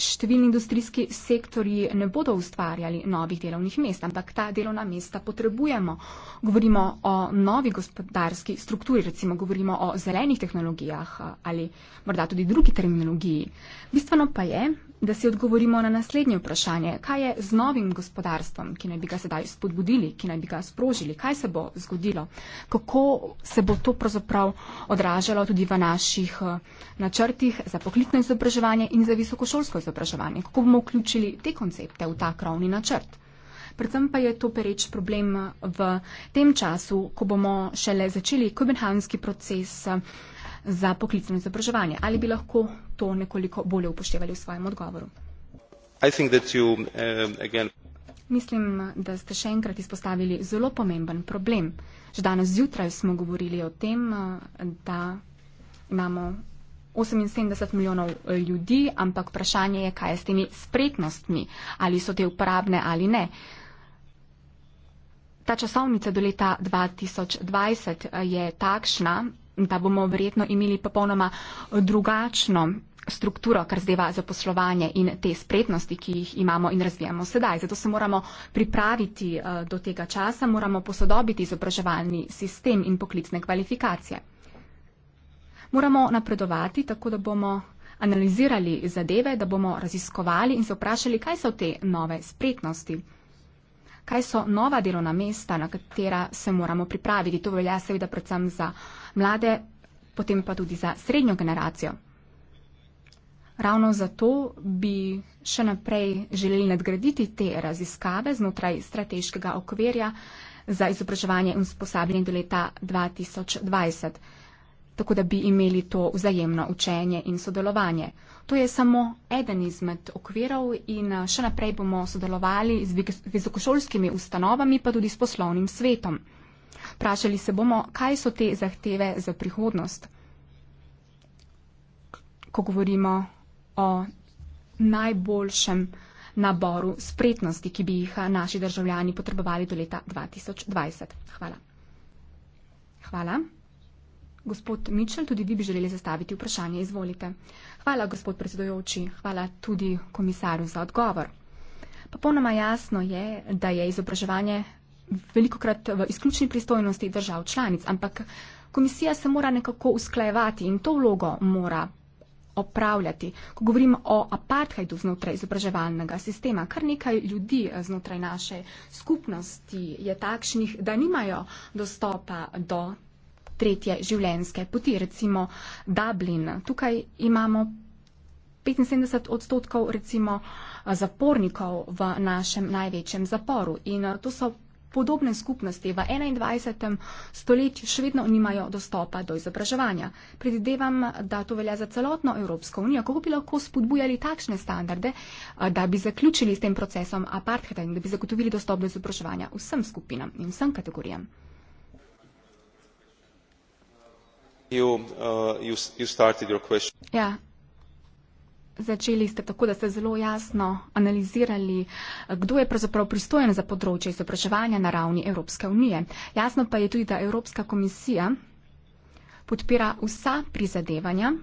številni industrijski sektori ne bodo ustvarjali novih delovnih mest, ampak ta delovna mesta potrebujemo. Govorimo o novi gospodarski strukturi, recimo govorimo o zelenih tehnologijah ali morda tudi drugi terminologiji. Bistveno pa je, da si odgovorimo na naslednje vprašanje, kaj je z novim gospodarstvom, ki naj bi ga sedaj spodbudili, ki naj bi ga sprožili, kaj se bo zgodilo, kako se bo to pravzaprav odražalo tudi v naših načrtih za poklitno izobraževanje in za visokošolsko izobraževanje, kako bomo vključili te koncepte v ta krovni načrt. Predvsem pa je to pereč problem v tem času, ko bomo šele začeli kopenhanski proces eh, za poklicno izobraževanje. Ali bi lahko to nekoliko bolje upoštevali v svojem odgovoru? You, eh, again... Mislim, da ste še enkrat izpostavili zelo pomemben problem. Že danes zjutraj smo govorili o tem, eh, da imamo 78 milijonov eh, ljudi, ampak vprašanje je, kaj je s temi spretnostmi, ali so te uporabne ali ne. Ta časovnica do leta 2020 eh, je takšna, da bomo verjetno imeli popolnoma eh, drugačno strukturo, kar zdeva za poslovanje in te spretnosti, ki jih imamo in razvijamo sedaj. Zato se moramo pripraviti do tega časa, moramo posodobiti izobraževalni sistem in poklicne kvalifikacije moramo napredovati, tako da bomo analizirali zadeve, da bomo raziskovali in se vprašali, kaj so te nove spretnosti. Kaj so nova delovna mesta, na katera se moramo pripraviti? To velja seveda predvsem za mlade, potem pa tudi za srednjo generacijo. Ravno zato bi še naprej želeli nadgraditi te raziskave znotraj strateškega okvirja za izobraževanje in usposabljanje do leta 2020 tako da bi imeli to vzajemno učenje in sodelovanje. To je samo eden izmed okvirov in eh, še naprej bomo sodelovali z visokošolskimi ustanovami, pa tudi s poslovnim svetom. Prašali se bomo, kaj so te zahteve za prihodnost. Ko govorimo o najboljšem naboru spretnosti, ki bi jih eh, naši državljani potrebovali do leta 2020. Hvala. Hvala. Gospod Mičel, tudi vi bi želeli zastaviti vprašanje. Izvolite. Hvala, gospod predsedojoči. Hvala tudi komisarju za odgovor. Popolnoma jasno je, da je izobraževanje veliko krat v izključni pristojnosti držav članic, ampak komisija se mora nekako usklajevati in to vlogo mora opravljati. Ko govorimo o apartheidu znotraj izobraževalnega sistema, kar nekaj ljudi eh, znotraj naše skupnosti je takšnih, da nimajo dostopa do tretje življenjske poti, recimo Dublin. Tukaj imamo 75 odstotkov recimo zapornikov v našem največjem zaporu in to so podobne skupnosti v 21. stoletju še vedno nimajo dostopa do izobraževanja. Predvidevam, da to velja za celotno Evropsko unijo. Kako bi lahko spodbujali takšne standarde, da bi zaključili s tem procesom apartheida in da bi zagotovili dostop do izobraževanja vsem skupinam in vsem kategorijam? Uh, ja, začeli ste tako, da ste zelo jasno analizirali, kdo je pravzaprav pristojen za področje izobraževanja na ravni Evropske unije. Jasno pa je tudi, da Evropska komisija podpira vsa prizadevanja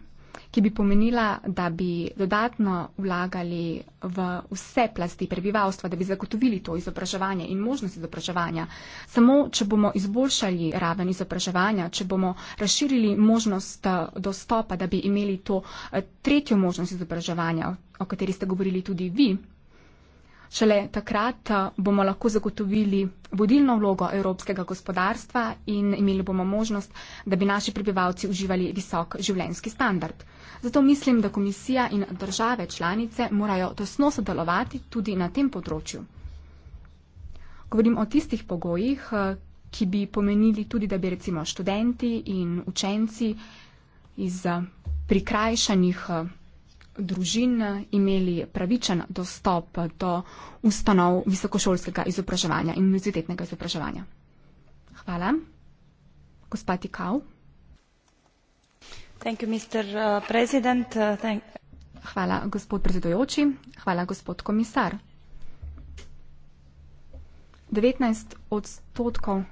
ki bi pomenila, da bi dodatno vlagali v vse plasti prebivalstva, da bi zagotovili to izobraževanje in možnost izobraževanja. Samo, če bomo izboljšali raven izobraževanja, če bomo razširili možnost eh, dostopa, da bi imeli to eh, tretjo možnost izobraževanja, o kateri ste govorili tudi vi, Šele takrat eh, bomo lahko zagotovili vodilno vlogo evropskega gospodarstva in imeli bomo možnost, da bi naši prebivalci uživali visok življenjski standard. Zato mislim, da komisija in države članice morajo tesno sodelovati tudi na tem področju. Govorim o tistih pogojih, eh, ki bi pomenili tudi, da bi recimo študenti in učenci iz prikrajšanih eh, družin imeli pravičen dostop do ustanov visokošolskega izobraževanja in univerzitetnega izobraževanja. Hvala. Gospa Tikau. Thank you, Mr. Uh, president. Uh, Hvala, gospod predsedujoči. Hvala, gospod komisar. Devetnajst odstotkov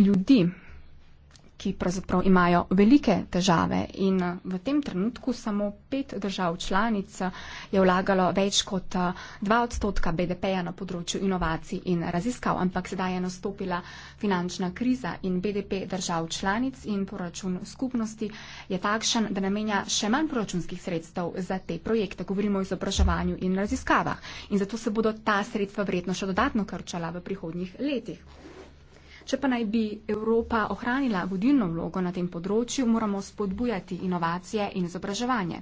ljudi, ki pravzaprav imajo velike težave in eh, v tem trenutku samo pet držav članic eh, je vlagalo več kot 2 eh, odstotka BDP-ja na področju inovacij in raziskav, ampak sedaj je nastopila finančna kriza in BDP držav članic in proračun skupnosti je takšen, da namenja še manj proračunskih sredstev za te projekte. Govorimo o izobraževanju in raziskavah in zato se bodo ta sredstva vredno še dodatno krčala v prihodnjih letih. Če pa naj bi Evropa ohranila vodilno vlogo na tem področju, moramo spodbujati inovacije in izobraževanje.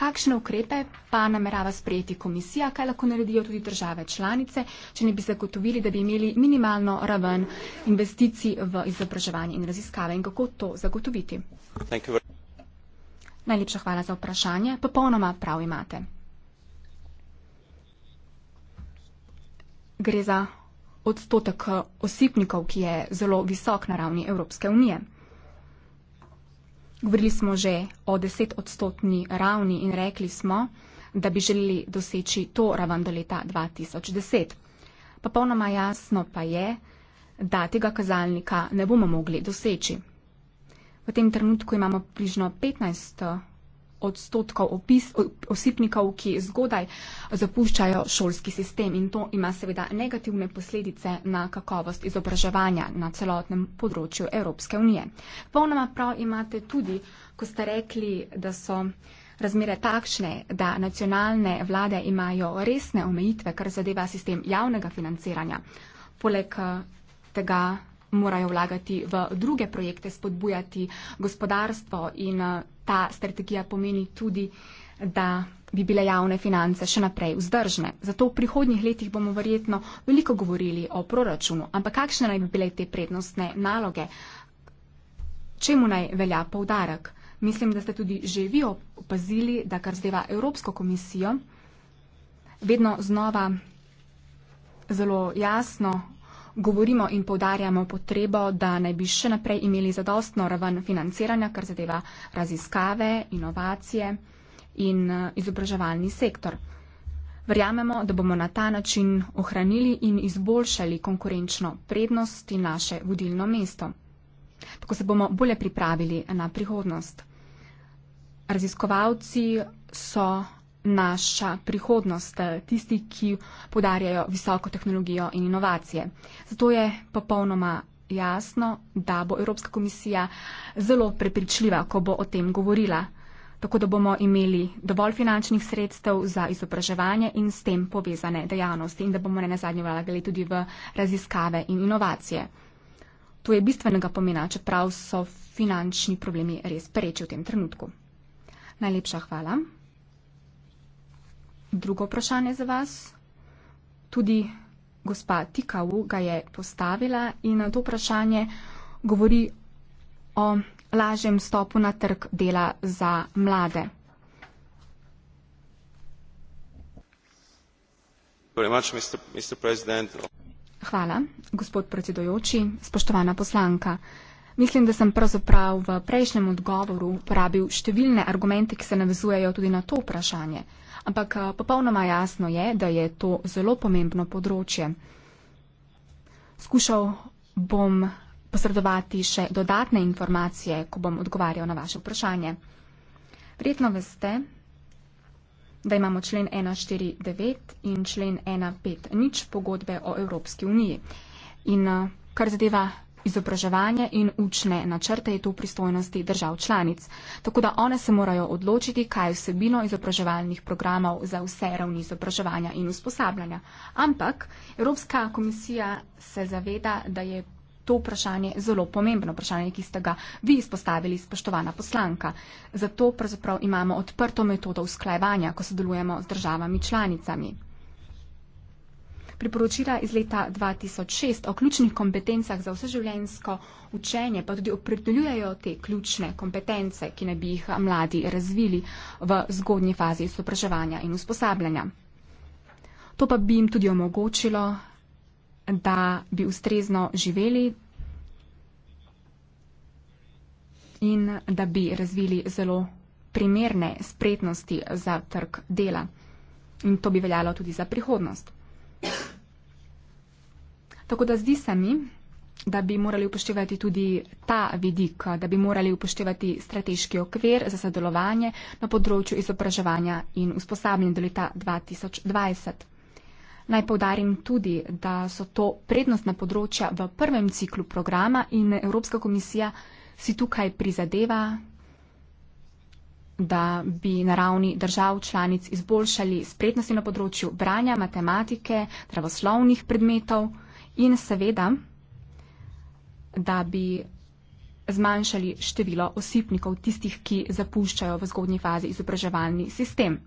Kakšne ukrepe pa namerava sprejeti komisija, kaj lahko naredijo tudi države članice, če ne bi zagotovili, da bi imeli minimalno raven investicij v izobraževanje in raziskave in kako to zagotoviti? Najlepša hvala za vprašanje. Popolnoma prav imate. Gre za odstotek eh, osipnikov, ki je zelo visok na ravni Evropske unije. Govorili smo že o desetodstotni ravni in rekli smo, da bi želeli doseči to raven do leta 2010. Pa polnoma jasno pa je, da tega kazalnika ne bomo mogli doseči. V tem trenutku imamo približno 15 odstotkov opis, osipnikov, ki zgodaj zapuščajo šolski sistem in to ima seveda negativne posledice na kakovost izobraževanja na celotnem področju Evropske unije. Polnoma prav imate tudi, ko ste rekli, da so razmere takšne, da nacionalne vlade imajo resne omejitve, kar zadeva sistem javnega financiranja. Poleg eh, tega morajo vlagati v druge projekte, spodbujati gospodarstvo in eh, ta strategija pomeni tudi, da bi bile javne finance še naprej vzdržne. Zato v prihodnjih letih bomo verjetno veliko govorili o proračunu. Ampak kakšne naj bi bile te prednostne naloge? Čemu naj velja poudarek? Mislim, da ste tudi že vi opazili, da kar zdeva Evropsko komisijo, vedno znova zelo jasno Govorimo in povdarjamo potrebo, da naj bi še naprej imeli zadostno raven financiranja, kar zadeva raziskave, inovacije in eh, izobraževalni sektor. Verjamemo, da bomo na ta način ohranili in izboljšali konkurenčno prednost in naše vodilno mesto. Tako se bomo bolje pripravili na prihodnost. Raziskovalci so naša prihodnost, eh, tisti, ki podarjajo visoko tehnologijo in inovacije. Zato je popolnoma jasno, da bo Evropska komisija zelo prepričljiva, ko bo o tem govorila, tako da bomo imeli dovolj finančnih sredstev za izobraževanje in s tem povezane dejavnosti in da bomo ne nazadnje vlagali tudi v raziskave in inovacije. To je bistvenega pomena, čeprav so finančni problemi res pereči v tem trenutku. Najlepša hvala drugo vprašanje za vas. Tudi gospa Tikau ga je postavila in na to vprašanje govori o lažjem stopu na trg dela za mlade. Hvala, gospod predsedojoči, spoštovana poslanka. Mislim, da sem pravzaprav v prejšnjem odgovoru uporabil številne argumente, ki se navezujejo tudi na to vprašanje ampak eh, popolnoma jasno je, da je to zelo pomembno področje. Skušal bom posredovati še dodatne informacije, ko bom odgovarjal na vaše vprašanje. Verjetno veste, da imamo člen 149 in člen 150 pogodbe o Evropski uniji. In eh, kar zadeva izobraževanje in učne načrte je to pristojnosti držav članic. Tako da one se morajo odločiti, kaj je vsebino izobraževalnih programov za vse ravni izobraževanja in usposabljanja. Ampak Evropska komisija se zaveda, da je. To vprašanje je zelo pomembno, vprašanje, ki ste ga vi izpostavili, spoštovana poslanka. Zato pravzaprav imamo odprto metodo usklajevanja, ko sodelujemo z državami članicami. Priporočila iz leta 2006 o ključnih kompetencah za vseživljenjsko učenje pa tudi opredeljujejo te ključne kompetence, ki naj bi jih mladi razvili v zgodnji fazi izobraževanja in usposabljanja. To pa bi jim tudi omogočilo, da bi ustrezno živeli in da bi razvili zelo primerne spretnosti za trg dela. In to bi veljalo tudi za prihodnost. Tako da zdi se mi, da bi morali upoštevati tudi ta vidik, da bi morali upoštevati strateški okvir za sodelovanje na področju izobraževanja in usposabljanja do leta 2020. Naj povdarim tudi, da so to prednostna področja v prvem ciklu programa in Evropska komisija si tukaj prizadeva da bi na ravni držav članic izboljšali spretnosti na področju branja, matematike, pravoslovnih predmetov in seveda, da bi zmanjšali število osipnikov, tistih, ki zapuščajo v zgodnji fazi izobraževalni sistem.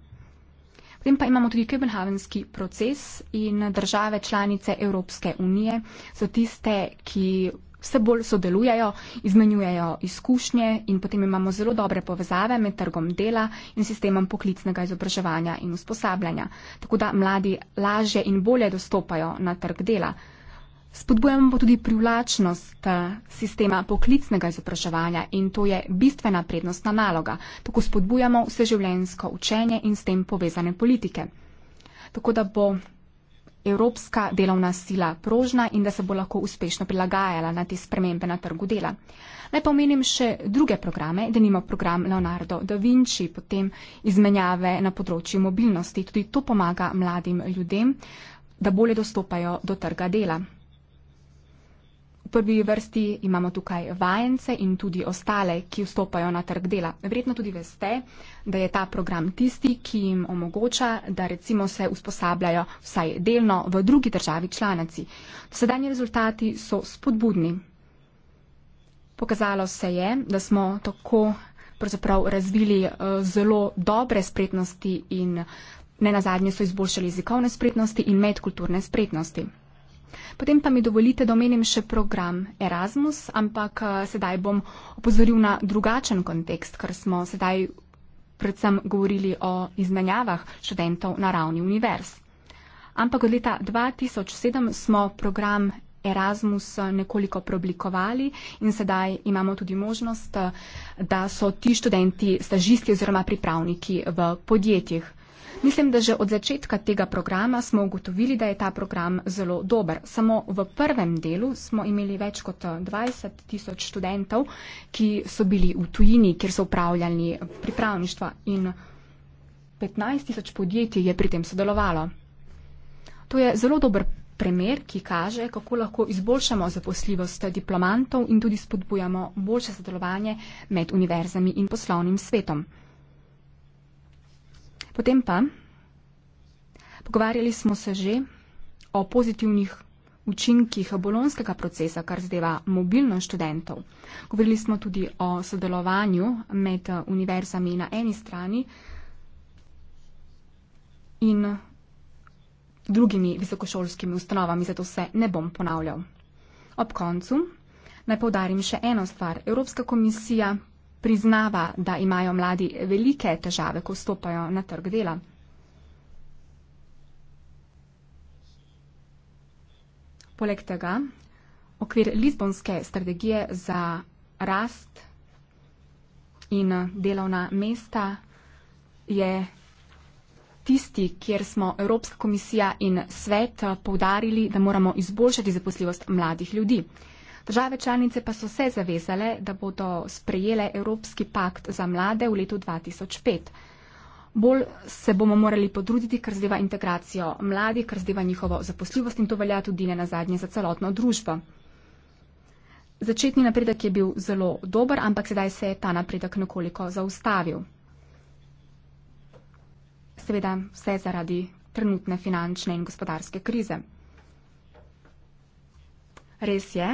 Potem pa imamo tudi Kopenhavenski proces in države članice Evropske unije so tiste, ki vse bolj sodelujejo, izmenjujejo izkušnje in potem imamo zelo dobre povezave med trgom dela in sistemom poklicnega izobraževanja in usposabljanja, tako da mladi lažje in bolje dostopajo na trg dela. Spodbujamo pa tudi privlačnost eh, sistema poklicnega izobraževanja in to je bistvena prednostna naloga. Tako spodbujamo vseživljenjsko učenje in s tem povezane politike. Tako da bo evropska delovna sila prožna in da se bo lahko uspešno prilagajala na te spremembe na trgu dela. Naj pa omenim še druge programe, da nima program Leonardo da Vinci, potem izmenjave na področju mobilnosti. Tudi to pomaga mladim ljudem, da bolje dostopajo do trga dela prvi vrsti imamo tukaj vajence in tudi ostale, ki vstopajo na trg dela. Verjetno tudi veste, da je ta program tisti, ki jim omogoča, da recimo se usposabljajo vsaj delno v drugi državi članici. Sedanji rezultati so spodbudni. Pokazalo se je, da smo tako pravzaprav razvili eh, zelo dobre spretnosti in ne nazadnje so izboljšali jezikovne spretnosti in medkulturne spretnosti. Potem pa mi dovolite, da omenim še program Erasmus, ampak eh, sedaj bom opozoril na drugačen kontekst, ker smo sedaj predvsem govorili o izmenjavah študentov na ravni univerz. Ampak od leta 2007 smo program Erasmus eh, nekoliko preoblikovali in sedaj imamo tudi možnost, eh, da so ti študenti stažisti oziroma pripravniki v podjetjih. Mislim, da že od začetka tega programa smo ugotovili, da je ta program zelo dober. Samo v prvem delu smo imeli več kot 20 eh, tisoč študentov, ki so bili v tujini, kjer so upravljali pripravništva in 15 tisoč podjetij je pri tem sodelovalo. To je zelo dober primer, ki kaže, kako lahko izboljšamo zaposljivost diplomantov in tudi spodbujamo boljše sodelovanje med univerzami in poslovnim svetom. Potem pa, pogovarjali smo se že o pozitivnih učinkih bolonskega procesa, kar zadeva mobilnost študentov. Govorili smo tudi o sodelovanju med univerzami na eni strani in drugimi visokošolskimi ustanovami, zato se ne bom ponavljal. Ob koncu naj povdarim še eno stvar. Evropska komisija priznava, da imajo mladi velike težave, ko stopajo na trg dela. Poleg tega, okvir Lizbonske strategije za rast in delovna mesta je tisti, kjer smo Evropska komisija in svet povdarili, da moramo izboljšati zaposljivost mladih ljudi. Države članice pa so se zavezale, da bodo sprejele Evropski pakt za mlade v letu 2005. Bolj se bomo morali podruditi, kar zdeva integracijo mladih, kar zdeva njihovo zaposljivost in to velja tudi ne nazadnje za celotno družbo. Začetni napredek je bil zelo dober, ampak sedaj se je ta napredek nekoliko zaustavil. Seveda vse zaradi trenutne finančne in gospodarske krize. Res je,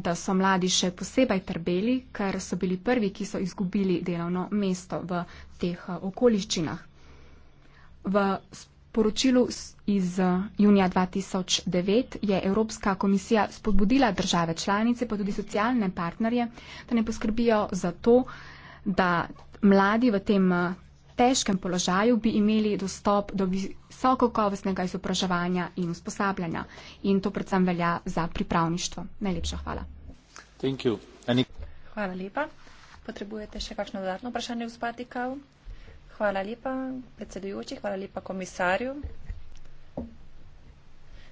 da so mladi še posebej trpeli, ker so bili prvi, ki so izgubili delovno mesto v teh eh, okoliščinah. V poročilu iz eh, junija 2009 je Evropska komisija spodbudila države članice, pa tudi socialne partnerje, da ne poskrbijo za to, da mladi v tem eh, težkem položaju, bi imeli dostop do visokokovestnega izobraževanja in usposabljanja. In to predvsem velja za pripravništvo. Najlepša hvala. Any... Hvala lepa. Potrebujete še kakšno dodatno vprašanje, gospod Tikal? Hvala lepa, predsedujoči, hvala lepa komisarju.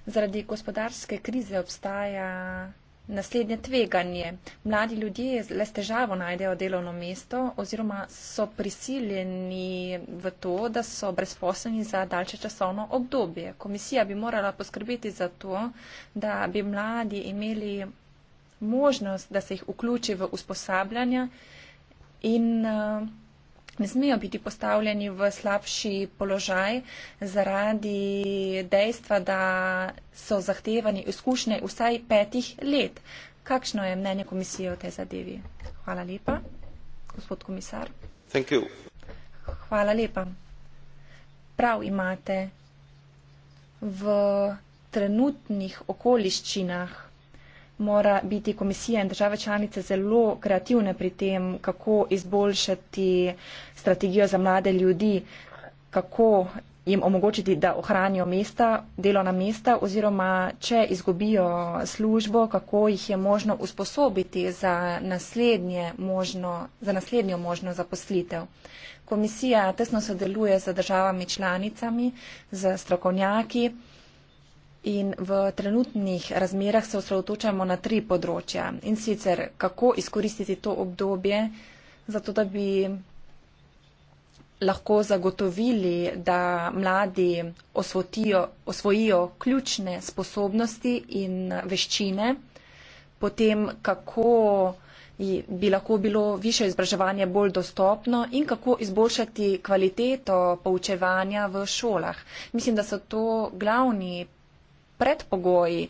Zaradi gospodarske krize obstaja naslednje tveganje. Mladi ljudje le s težavo najdejo delovno mesto oziroma so prisiljeni v to, da so brezposleni za daljše časovno obdobje. Komisija bi morala poskrbeti za to, da bi mladi imeli možnost, da se jih vključi v usposabljanja in uh, ne smejo biti postavljeni v slabši položaj zaradi dejstva, da so zahtevani izkušnje vsaj petih let. Kakšno je mnenje komisije o tej zadevi? Hvala lepa, gospod komisar. Hvala lepa. Prav imate v trenutnih okoliščinah mora biti komisija in države članice zelo kreativne pri tem, kako izboljšati strategijo za mlade ljudi, kako jim omogočiti, da ohranijo mesta, delovna mesta oziroma, če izgubijo službo, kako jih je možno usposobiti za, možno, za naslednjo možno zaposlitev. Komisija tesno sodeluje z državami članicami, z strokovnjaki, In v trenutnih razmerah se osredotočamo na tri področja. In sicer, kako izkoristiti to obdobje, zato da bi lahko zagotovili, da mladi osvotijo, osvojijo ključne sposobnosti in veščine, potem kako bi lahko bilo više izobraževanje bolj dostopno in kako izboljšati kvaliteto poučevanja v šolah. Mislim, da so to glavni predpogoji,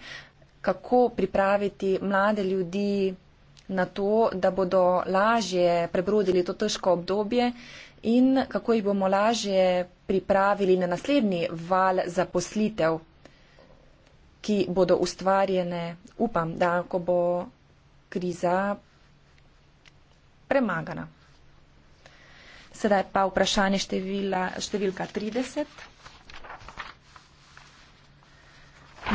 kako pripraviti mlade ljudi na to, da bodo lažje prebrodili to težko obdobje in kako jih bomo lažje pripravili na naslednji val zaposlitev, ki bodo ustvarjene, upam, da ko bo kriza premagana. Sedaj pa vprašanje števila, številka 30.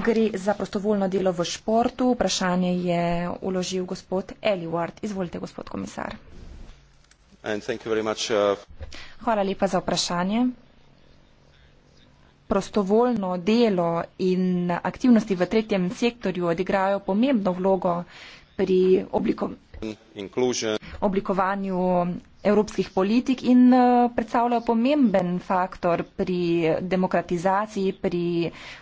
gre za prostovoljno delo v športu. Vprašanje je uložil gospod Eliward. Izvolite, gospod komisar. Much, uh... Hvala lepa za vprašanje. Prostovoljno delo in aktivnosti v tretjem sektorju odigrajo pomembno vlogo pri obliko... oblikovanju evropskih politik in eh, predstavljajo pomemben faktor pri demokratizaciji, pri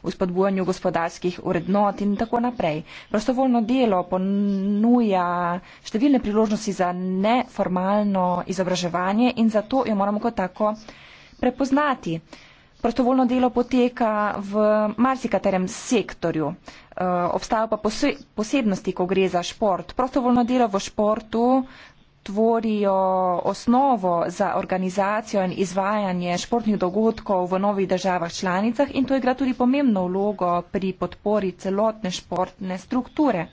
uspodbujanju gospodarskih urednot in tako naprej. Prostovoljno delo ponuja številne priložnosti za neformalno izobraževanje in zato jo moramo kot tako prepoznati. Prostovoljno delo poteka v marsikaterem sektorju. Eh, obstajajo pa posebnosti, ko gre za šport. Prostovoljno delo v športu tvorijo osnovo za organizacijo in izvajanje športnih dogodkov v novih državah članicah in to igra tudi pomembno vlogo pri podpori celotne športne strukture.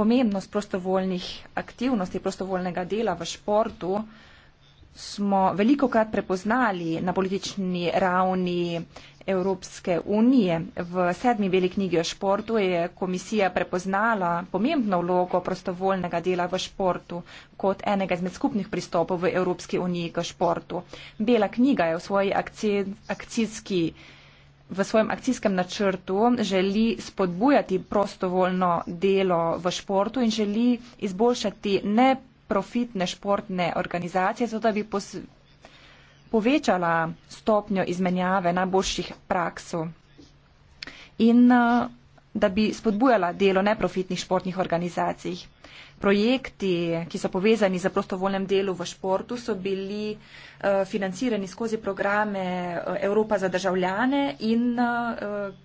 Pomembnost prostovoljnih aktivnosti, prostovoljnega dela v športu uh, smo veliko krat prepoznali na politični ravni Evropske unije. V sedmi veli knjigi o športu je komisija prepoznala pomembno vlogo prostovoljnega dela v športu kot enega izmed skupnih pristopov v Evropski uniji k športu. Bela knjiga je v, svoji akcijski, v svojem akcijskem načrtu želi spodbujati prostovoljno delo v športu in želi izboljšati ne profitne športne organizacije, zato da bi povečala stopnjo izmenjave najboljših praksov in uh, da bi spodbujala delo neprofitnih športnih organizacij. Projekti, ki so povezani z prostovoljnem delu v športu, so bili uh, financirani skozi programe uh, Evropa za državljane in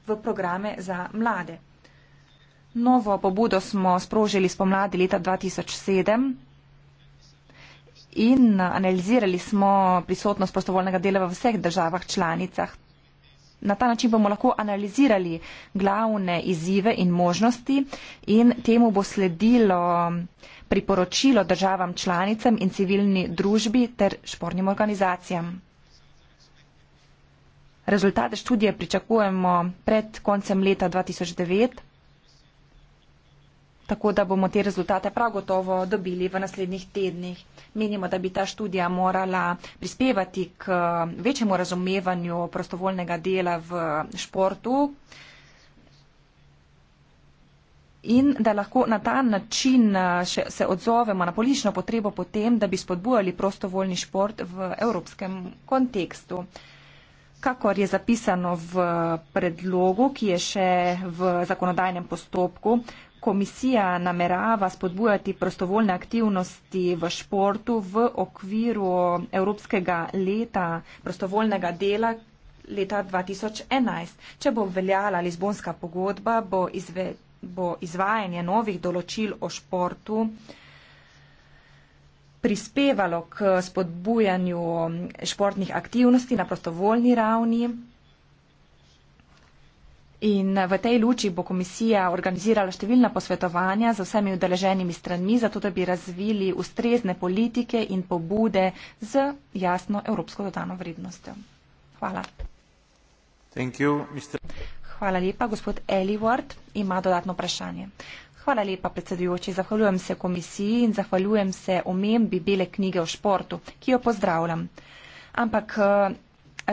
v programe za mlade. Novo pobudo smo sprožili spomladi leta 2007 in analizirali smo prisotnost prostovoljnega dela v vseh državah članicah. Na ta način bomo lahko analizirali glavne izzive in možnosti in temu bo sledilo priporočilo državam članicam in civilni družbi ter špornim organizacijam. Rezultate študije pričakujemo pred koncem leta 2009 tako da bomo te rezultate prav gotovo dobili v naslednjih tednih. Menimo, da bi ta študija morala prispevati k večjemu razumevanju prostovoljnega dela v športu in da lahko na ta način eh, se odzovemo na politično potrebo potem, da bi spodbujali prostovoljni šport v evropskem kontekstu. Kakor je zapisano v predlogu, ki je še v zakonodajnem postopku, komisija namerava spodbujati prostovoljne aktivnosti v športu v okviru Evropskega leta prostovoljnega dela leta 2011. Če bo veljala Lizbonska pogodba, bo, izve, bo izvajanje novih določil o športu prispevalo k spodbujanju športnih aktivnosti na prostovoljni ravni. In v tej luči bo komisija organizirala številna posvetovanja z vsemi udeleženimi stranmi, zato da bi razvili ustrezne politike in pobude z jasno evropsko dodano vrednostjo. Hvala. You, Hvala lepa, gospod Eliward ima dodatno vprašanje. Hvala lepa, predsedujoči. Zahvaljujem se komisiji in zahvaljujem se omembi bele knjige o športu, ki jo pozdravljam. Ampak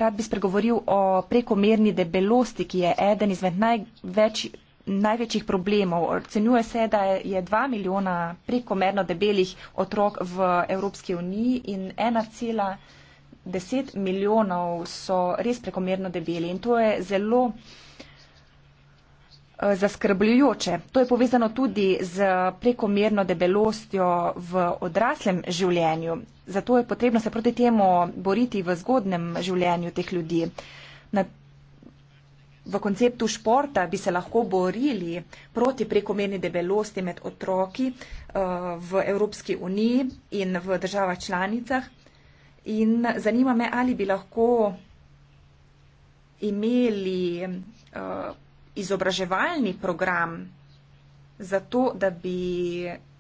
rad bi spregovoril o prekomerni debelosti, ki je eden izmed največ, največjih problemov. Ocenjuje se, da je 2 milijona prekomerno debelih otrok v Evropski uniji in 1,10 milijonov so res prekomerno debeli. In to je zelo. Eh, zaskrbljujoče. To je povezano tudi z prekomerno debelostjo v odraslem življenju. Zato je potrebno se proti temu boriti v zgodnem življenju teh ljudi. Na, v konceptu športa bi se lahko borili proti prekomerni debelosti med otroki eh, v Evropski uniji in v državah članicah. In zanima me, ali bi lahko imeli uh, izobraževalni program za to, da bi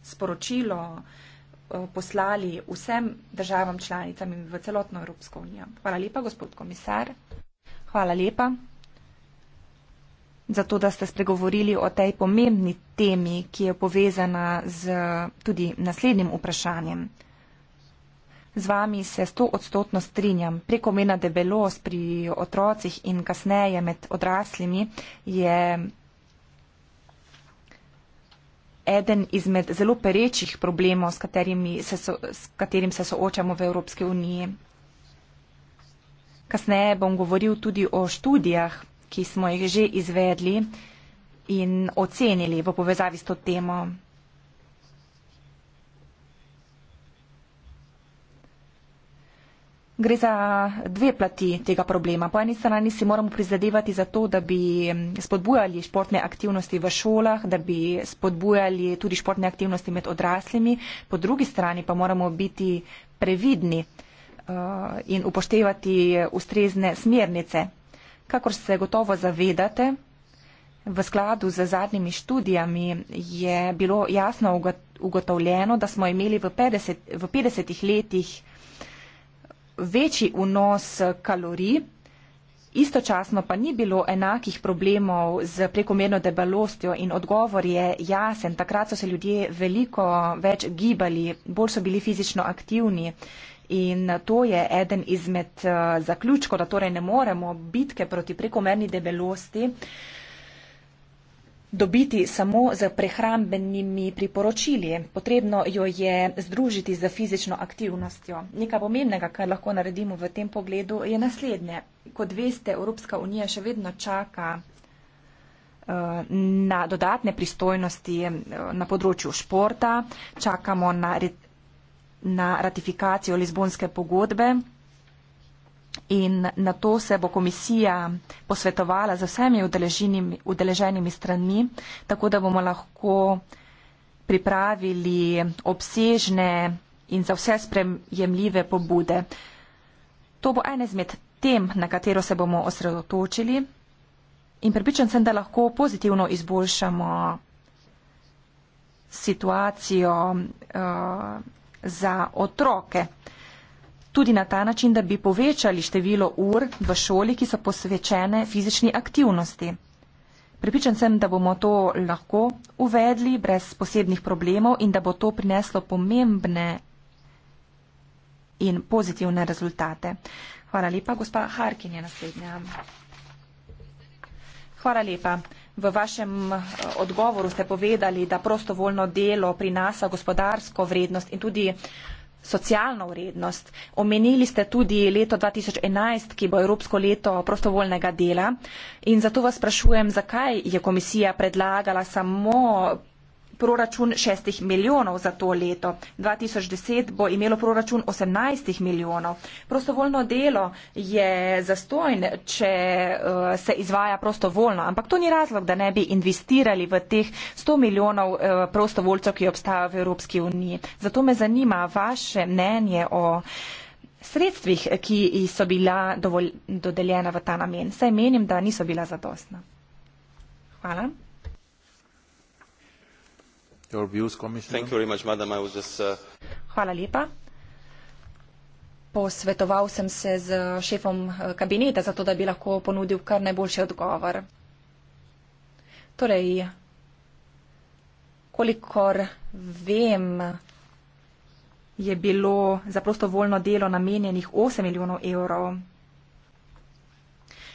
sporočilo eh, poslali vsem državam članicam in v celotno Evropsko unijo. Hvala lepa, gospod komisar. Hvala lepa za to, da ste spregovorili o tej pomembni temi, ki je povezana z tudi naslednjim vprašanjem z vami se sto odstotno strinjam. Prekomena debelost pri otrocih in kasneje med odraslimi je eden izmed zelo perečih problemov, s, se so, s katerim se soočamo v Evropski uniji. Kasneje bom govoril tudi o študijah, ki smo jih že izvedli in ocenili v povezavi s to temo. Gre za dve plati tega problema. Po eni strani si moramo prizadevati za to, da bi mm, spodbujali športne aktivnosti v šolah, da bi spodbujali tudi športne aktivnosti med odraslimi, po drugi strani pa moramo biti previdni uh, in upoštevati ustrezne smernice. Kakor se gotovo zavedate, v skladu z zadnjimi študijami je bilo jasno ugotovljeno, da smo imeli v 50, v 50 letih večji vnos kalorij, istočasno pa ni bilo enakih problemov z prekomerno debelostjo in odgovor je jasen. Takrat so se ljudje veliko več gibali, bolj so bili fizično aktivni. In to je eden izmed eh, zaključkov, da torej ne moremo bitke proti prekomerni debelosti uh, dobiti samo z prehrambenimi priporočili. Potrebno jo je združiti z fizično aktivnostjo. Nekaj pomembnega, kar lahko naredimo v tem pogledu, je naslednje. Kot veste, Evropska unija še vedno čaka eh, na dodatne pristojnosti eh, na področju športa, čakamo na, na ratifikacijo Lizbonske pogodbe. In na to se bo komisija posvetovala z vsemi udeleženimi stranmi, tako da bomo lahko pripravili obsežne in za vse spremljive pobude. To bo ene zmed tem, na katero se bomo osredotočili in pripričan sem, da lahko pozitivno izboljšamo situacijo uh, za otroke tudi na ta način, da bi povečali število ur v šoli, ki so posvečene fizični aktivnosti. Pripričan sem, da bomo to lahko uvedli brez posebnih problemov in da bo to prineslo pomembne in pozitivne rezultate. Hvala lepa, gospa Harkin je naslednja. Hvala lepa. V vašem eh, odgovoru ste povedali, da prostovoljno delo prinaša gospodarsko vrednost in tudi uh, socialno vrednost. Omenili ste tudi leto 2011, ki bo Evropsko leto prostovoljnega dela. In zato vas sprašujem, zakaj je komisija predlagala samo proračun šestih milijonov za to leto. 2010 bo imelo proračun osemnajstih milijonov. Prostovoljno delo je zastojn, če uh, se izvaja prostovoljno, ampak to ni razlog, da ne bi investirali v teh sto milijonov uh, prostovoljcev, ki obstajajo v Evropski uniji. Zato me zanima vaše mnenje o sredstvih, ki so bila dovolj, dodeljena v ta namen. Saj menim, da niso bila zadostna. Hvala your views, Commissioner? Thank you very much, madam. I was just... Uh... Hvala lepa. Posvetoval sem se z šefom eh, kabineta, zato da bi lahko ponudil kar najboljši odgovor. Torej, kolikor vem, je bilo za prostovoljno delo namenjenih 8 milijonov evrov.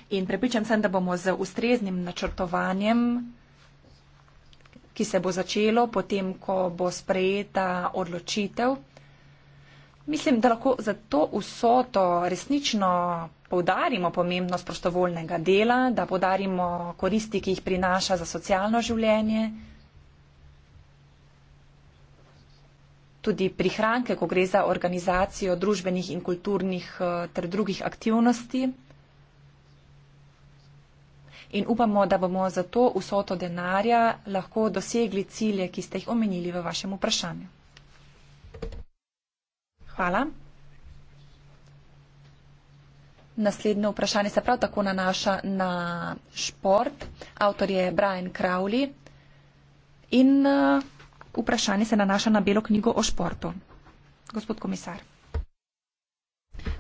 In prepričam sem, da bomo z ustreznim načrtovanjem ki se bo začelo potem, ko bo sprejeta odločitev. Mislim, da lahko za to vso to resnično povdarimo pomembnost prostovoljnega dela, da povdarimo koristi, ki jih prinaša za socialno življenje, tudi prihranke, ko gre za organizacijo družbenih in kulturnih eh, ter drugih aktivnosti in upamo, da bomo za to vso to denarja lahko dosegli cilje, ki ste jih omenili v vašem vprašanju. Hvala. Naslednje vprašanje se prav tako nanaša na šport. Avtor je Brian Crowley in uh, vprašanje se nanaša na belo knjigo o športu. Gospod komisar.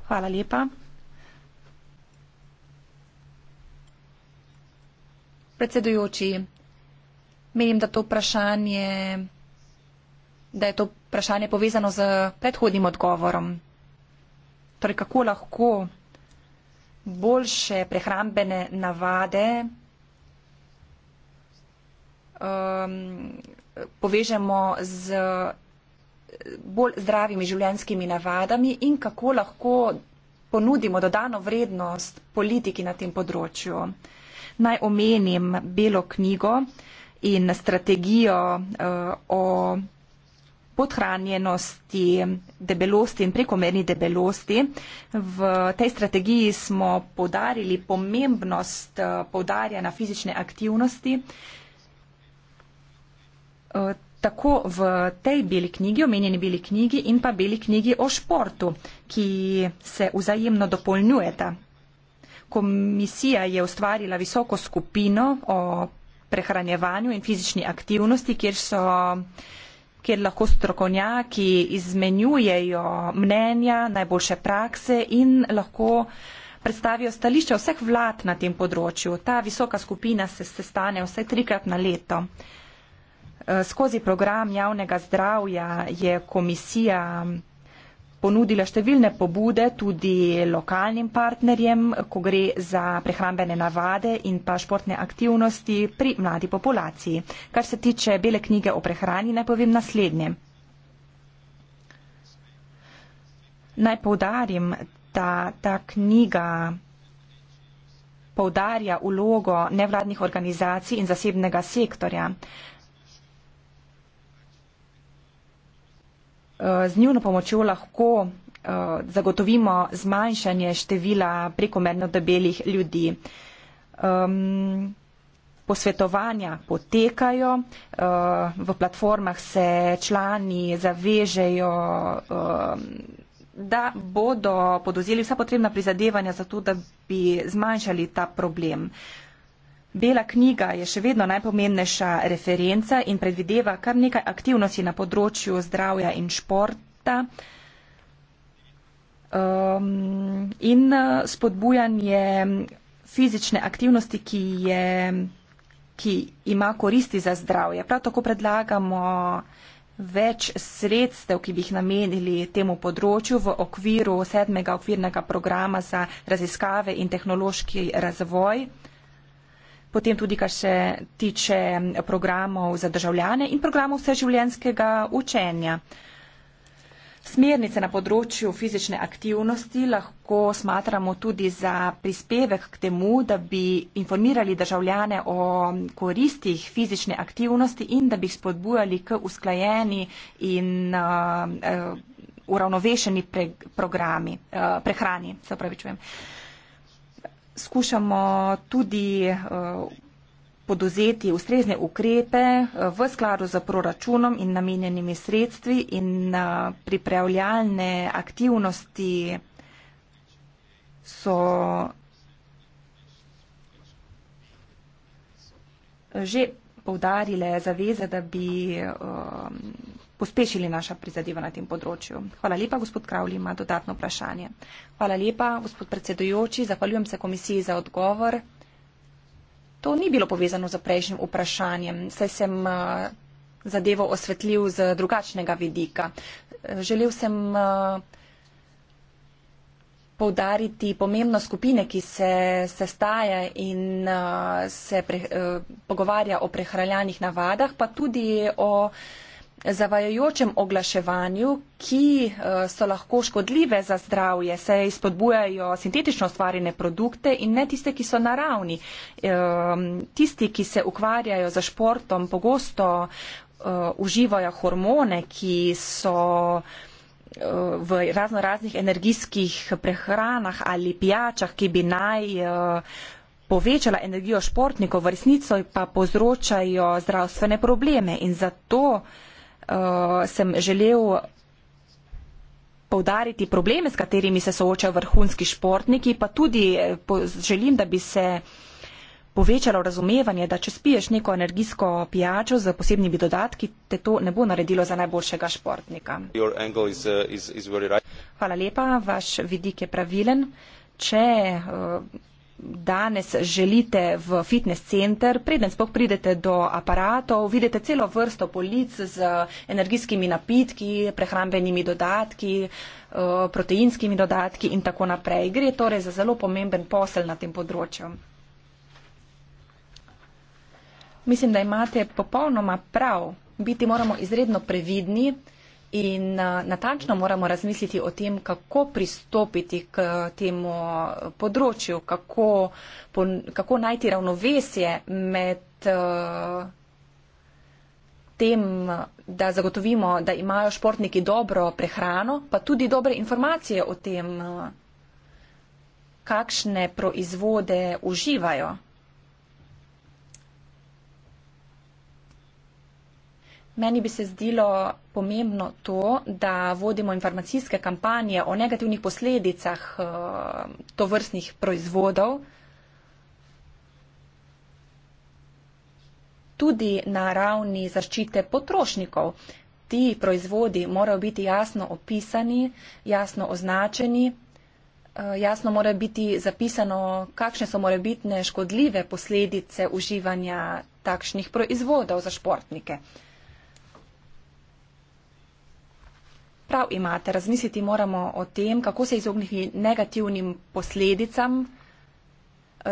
Hvala lepa. Predsedujoči, menim, da to vprašanje, da je to vprašanje povezano z predhodnim odgovorom. Torej, kako lahko boljše prehrambene navade um, povežemo z bolj zdravimi življenjskimi navadami in kako lahko ponudimo dodano vrednost politiki na tem področju. Naj omenim belo knjigo in strategijo eh, o podhranjenosti, debelosti in prekomerni debelosti. V tej strategiji smo podarili pomembnost eh, podarjanja fizične aktivnosti. Eh, tako v tej beli knjigi, omenjeni beli knjigi in pa beli knjigi o športu, ki se vzajemno dopolnjujeta komisija je ustvarila visoko skupino o prehranjevanju in fizični aktivnosti, kjer so kjer lahko strokovnjaki izmenjujejo mnenja, najboljše prakse in lahko predstavijo stališče vseh vlad na tem področju. Ta visoka skupina se sestane vse trikrat na leto. Eh, skozi program javnega zdravja je komisija ponudila številne pobude tudi lokalnim partnerjem, ko gre za prehrambene navade in pa športne aktivnosti pri mladi populaciji. Kar se tiče bele knjige o prehrani, naj povem naslednje. Naj povdarim, da ta knjiga povdarja ulogo nevladnih organizacij in zasebnega sektorja. Eh, z njuno pomočjo lahko eh, zagotovimo zmanjšanje števila prekomerno debelih ljudi. Um, posvetovanja potekajo, uh, v platformah se člani zavežejo, um, da bodo podozili vsa potrebna prizadevanja za to, da bi zmanjšali ta problem. Uh, Bela knjiga je še vedno najpomembnejša referenca in predvideva kar nekaj aktivnosti na področju zdravja in športa um, in uh, spodbujanje fizične aktivnosti, ki, je, ki ima koristi za zdravje. Prav tako predlagamo več sredstev, ki bi jih namenili temu področju v okviru sedmega okvirnega programa za raziskave in tehnološki razvoj potem tudi, kar se tiče programov za državljane in programov vseživljenskega učenja. Smernice na področju fizične aktivnosti lahko smatramo tudi za prispevek k temu, da bi informirali državljane o koristih fizične aktivnosti in da bi jih spodbujali k usklajeni in uh, uravnovešeni pre programi, uh, prehrani. Se pravi, čujem. Uh, skušamo tudi eh, podozeti ustrezne ukrepe eh, v skladu z proračunom in namenjenimi sredstvi in eh, pripravljalne aktivnosti so že povdarile zaveze, da bi pospešili naša prizadeva na tem področju. Hvala lepa, gospod Kravli, ima dodatno vprašanje. Hvala lepa, gospod predsedujoči, zahvaljujem se komisiji za odgovor. To ni bilo povezano z prejšnjim vprašanjem, saj sem zadevo osvetljiv z drugačnega vidika. Želel sem povdariti pomembno skupine, ki se sestaja in se pre, pogovarja o prehraljanih navadah, pa tudi o zavajajočem oglaševanju, ki eh, so lahko škodljive za zdravje, saj izpodbujajo sintetično ustvarjene produkte in ne tiste, ki so naravni. Ehm, tisti, ki se ukvarjajo za športom, pogosto eh, uživajo hormone, ki so eh, v razno raznih energijskih prehranah ali pijačah, ki bi naj povečala energijo športnikov, v resnico pa povzročajo zdravstvene probleme in zato uh, sem želel povdariti probleme, s katerimi se soočajo vrhunski športniki, pa tudi eh, želim, da bi se povečalo razumevanje, da če spiješ neko energijsko pijačo z posebnimi dodatki, te to ne bo naredilo za najboljšega športnika. Is, uh, is, is right. Hvala lepa, vaš vidik je pravilen. Če uh, danes želite v fitness center, preden spok pridete do aparatov, vidite celo vrsto polic z energijskimi napitki, prehrambenimi dodatki, eh, proteinskimi dodatki in tako naprej. Gre torej za zelo pomemben posel na tem področju. Mislim, da imate popolnoma prav. Biti moramo izredno previdni. In natančno moramo razmisliti o tem, kako pristopiti k temu področju, kako, kako najti ravnovesje med tem, da zagotovimo, da imajo športniki dobro prehrano, pa tudi dobre informacije o tem, kakšne proizvode uživajo. Meni bi se zdelo pomembno to, da vodimo informacijske kampanje o negativnih posledicah eh, tovrstnih proizvodov tudi na ravni zaščite potrošnikov. Ti proizvodi morajo biti jasno opisani, jasno označeni, eh, jasno mora biti zapisano, kakšne so morebitne škodljive posledice uživanja takšnih proizvodov za športnike. prav imate, razmisliti moramo o tem, kako se izogniti negativnim posledicam, eh,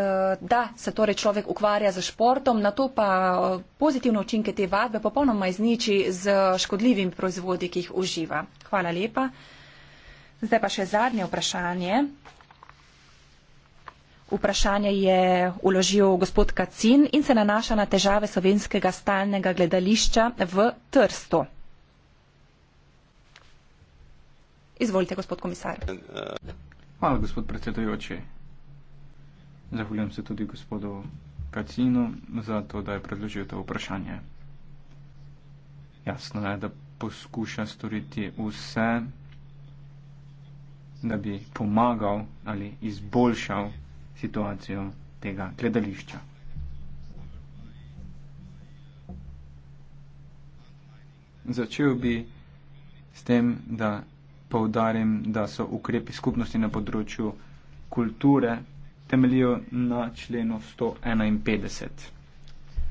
da se torej človek ukvarja z športom, na to pa eh, pozitivne učinke te vadbe popolnoma izniči z škodljivimi proizvodi, ki jih uživa. Hvala lepa. Zdaj pa še zadnje vprašanje. Vprašanje je uložil gospod Kacin in se nanaša na težave slovenskega stalnega gledališča v Trstu. Izvolite, gospod komisar. Hvala, gospod predsedujoči. Zahvaljujem se tudi gospodu Kacinu za to, da je predložil to vprašanje. Jasno je, da poskuša storiti vse, da bi pomagal ali izboljšal situacijo tega gledališča. Začel bi s tem, da poudarim, da so ukrepi skupnosti na področju kulture temeljijo na členu 151.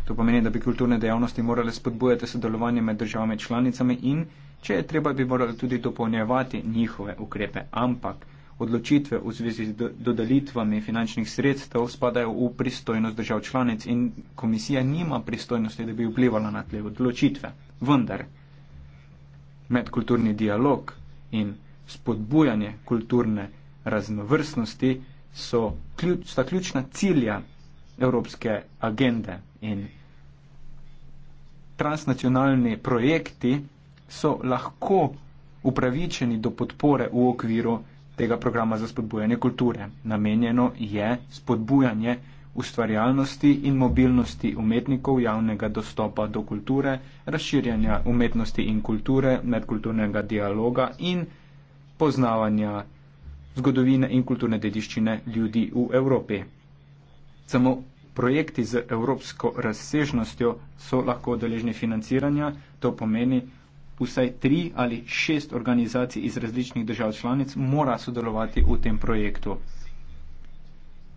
To pomeni, da bi kulturne dejavnosti morale spodbujati sodelovanje med državami članicami in, če je treba, bi morali tudi dopolnjevati njihove ukrepe. Ampak odločitve v zvezi z dodelitvami finančnih sredstev spadajo v pristojnost držav članic in komisija nima pristojnosti, da bi vplivala na te odločitve. Vendar medkulturni dialog in spodbujanje kulturne raznovrstnosti so, ključ, so ključna cilja evropske agende in transnacionalni projekti so lahko upravičeni do podpore v okviru tega programa za spodbujanje kulture. Namenjeno je spodbujanje ustvarjalnosti in mobilnosti umetnikov javnega dostopa do kulture, razširjanja umetnosti in kulture, medkulturnega dialoga in poznavanja zgodovine in kulturne dediščine ljudi v Evropi. Samo projekti z evropsko razsežnostjo so lahko deležni financiranja, to pomeni, vsaj tri ali šest organizacij iz različnih držav članic mora sodelovati v tem projektu.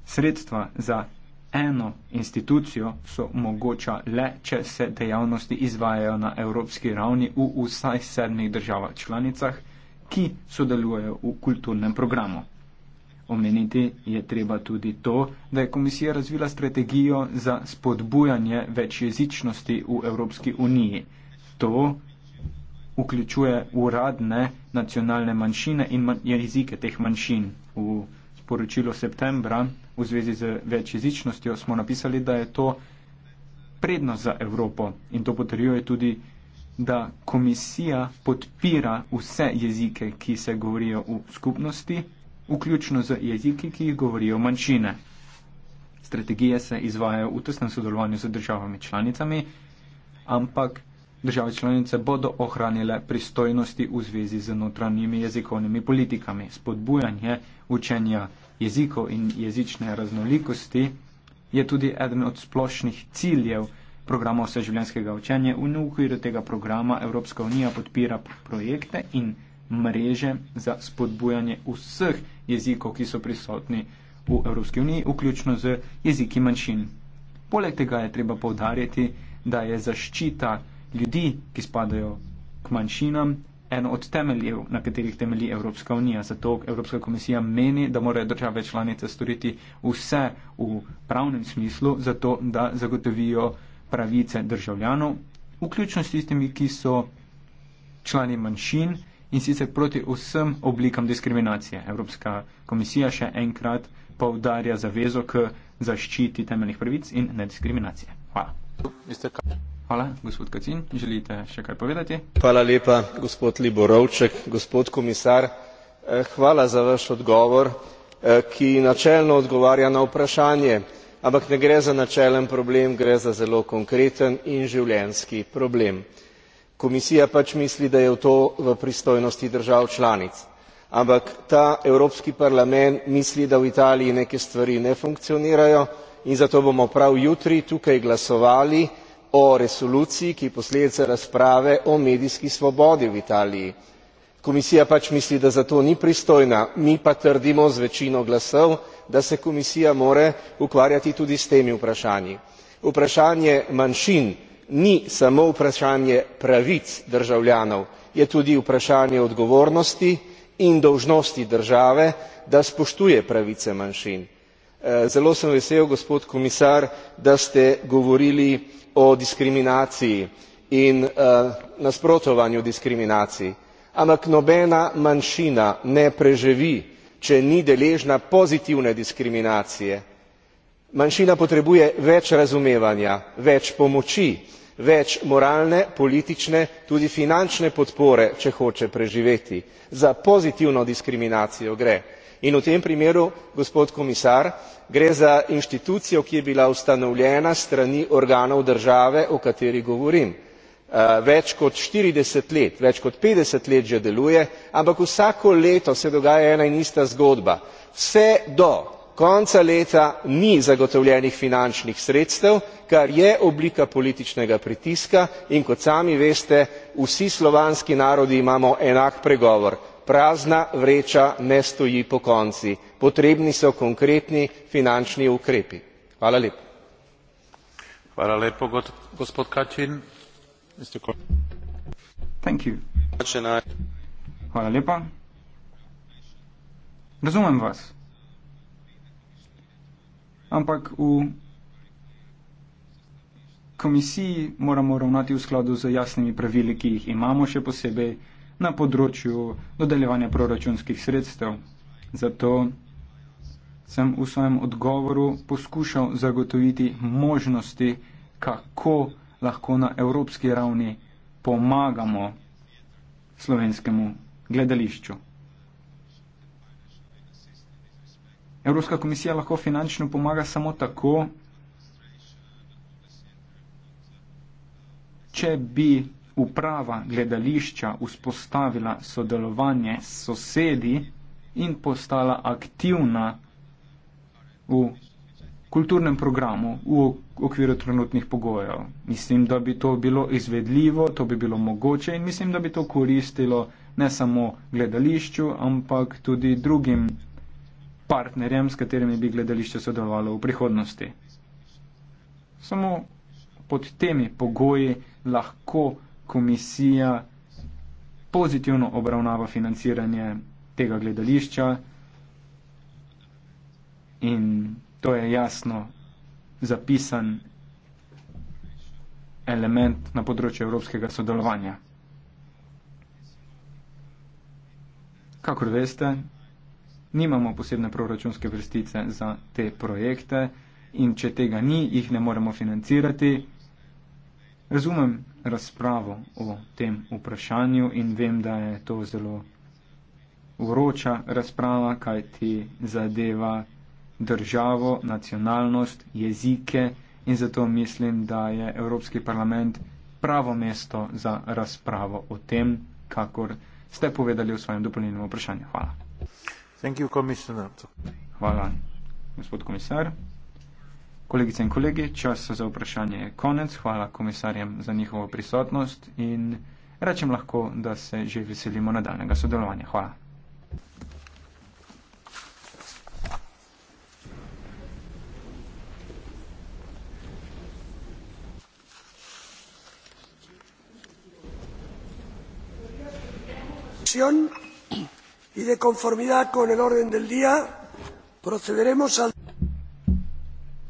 Sredstva za eno institucijo so mogoča le, če se dejavnosti izvajajo na evropski ravni v vsaj sedmih državah članicah, ki sodelujejo v kulturnem programu. Omeniti je treba tudi to, da je komisija razvila strategijo za spodbujanje večjezičnosti v Evropski uniji. To vključuje uradne nacionalne manjšine in man jezike teh manjšin v Evropski uniji poročilo septembra v zvezi z večjezičnostjo, smo napisali, da je to prednost za Evropo in to potrjuje tudi, da komisija podpira vse jezike, ki se govorijo v skupnosti, vključno z jeziki, ki jih govorijo manjšine. Strategije se izvajajo v tesnem sodelovanju z državami članicami, ampak Države članice bodo ohranile pristojnosti v zvezi z notranjimi jezikovnimi politikami. Spodbujanje učenja jezikov in jezične raznolikosti je tudi eden od splošnih ciljev programa vseživljenskega učenja. V okviru tega programa Evropska unija podpira projekte in mreže za spodbujanje vseh jezikov, ki so prisotni v Evropski uniji, vključno z jeziki manjšin. Poleg tega je treba povdarjati, da je zaščita ljudi, ki spadajo k manjšinam, eno od temeljev, na katerih temelji Evropska unija. Zato Evropska komisija meni, da morajo države članice storiti vse v pravnem smislu, zato da zagotovijo pravice državljanov, vključno s tistimi, ki so člani manjšin in sicer proti vsem oblikam diskriminacije. Evropska komisija še enkrat poudarja zavezo k zaščiti temeljnih pravic in nediskriminacije. Hvala. Mr. Carter. Hvala, gospod Kacin. Želite še kaj povedati? Hvala lepa, gospod Liborovček, gospod komisar. Eh, hvala za vaš odgovor, eh, ki načelno odgovarja na vprašanje, ampak ne gre za načelen problem, gre za zelo konkreten in življenski problem. Komisija pač misli, da je to v pristojnosti držav članic. Ampak ta Evropski parlament misli, da v Italiji neke stvari ne funkcionirajo in zato bomo prav jutri tukaj glasovali, o resoluciji ki je posledica razprave o medijski svobodi v italiji. komisija pač misli da za to ni pristojna mi pa trdimo z večino glasov da se komisija mora ukvarjati tudi s temi vprašanji. vprašanje manjšin ni samo vprašanje pravic državljanov je tudi vprašanje odgovornosti in dolžnosti države da spoštuje pravice manjšin. Eh, zelo sem vesel gospod komisar da ste govorili o diskriminaciji in eh, nasprotovanju diskriminaciji ampak nobena manjšina ne preživi če ni deležna pozitivne diskriminacije. manjšina potrebuje več razumevanja več pomoči več moralne politične tudi finančne podpore če hoče preživeti. za pozitivno diskriminacijo gre in v tem primeru gospod komisar gre za inštitucijo ki je bila ustanovljena s strani organov države o kateri govorim eh, več kot štirideset let več kot petdeset let že deluje ampak vsako leto se dogaja ena in ista zgodba vse do konca leta ni zagotovljenih finančnih sredstev kar je oblika političnega pritiska in kot sami veste vsi slovanski narodi imamo enak pregovor prazna vreča ne stoji pokonci potrebni so konkretni finančni ukrepi. razumem vas ampak v komisiji moramo ravnati v skladu z jasnimi pravili ki jih imamo še posebej na področju dodeljevanja proračunskih sredstev. Zato sem v svojem odgovoru poskušal zagotoviti možnosti, kako lahko na evropski ravni pomagamo slovenskemu gledališču. Evropska komisija lahko finančno pomaga samo tako, če bi uprava gledališča vzpostavila sodelovanje s sosedi in postala aktivna v kulturnem programu v okviru trenutnih pogojev. Mislim, da bi to bilo izvedljivo, to bi bilo mogoče in mislim, da bi to koristilo ne samo gledališču, ampak tudi drugim partnerjem, s katerimi bi gledališče sodelovalo v prihodnosti. Samo pod temi pogoji lahko komisija pozitivno obravnava financiranje tega gledališča in to je jasno zapisan element na področju evropskega sodelovanja. Kakor veste, nimamo posebne proračunske vrstice za te projekte in če tega ni, jih ne moremo financirati. Razumem, razpravo o tem vprašanju in vem, da je to zelo vroča razprava, kaj ti zadeva državo, nacionalnost, jezike in zato mislim, da je Evropski parlament pravo mesto za razpravo o tem, kakor ste povedali v svojem dopolnilnem vprašanju. Hvala. Thank you, Hvala, gospod komisar. Kolegice in kolegi, čas za vprašanje je konec. Hvala komisarjem za njihovo prisotnost in rečem lahko, da se že veselimo nadaljnega sodelovanja. Hvala. y de conformidad con el orden del día procederemos al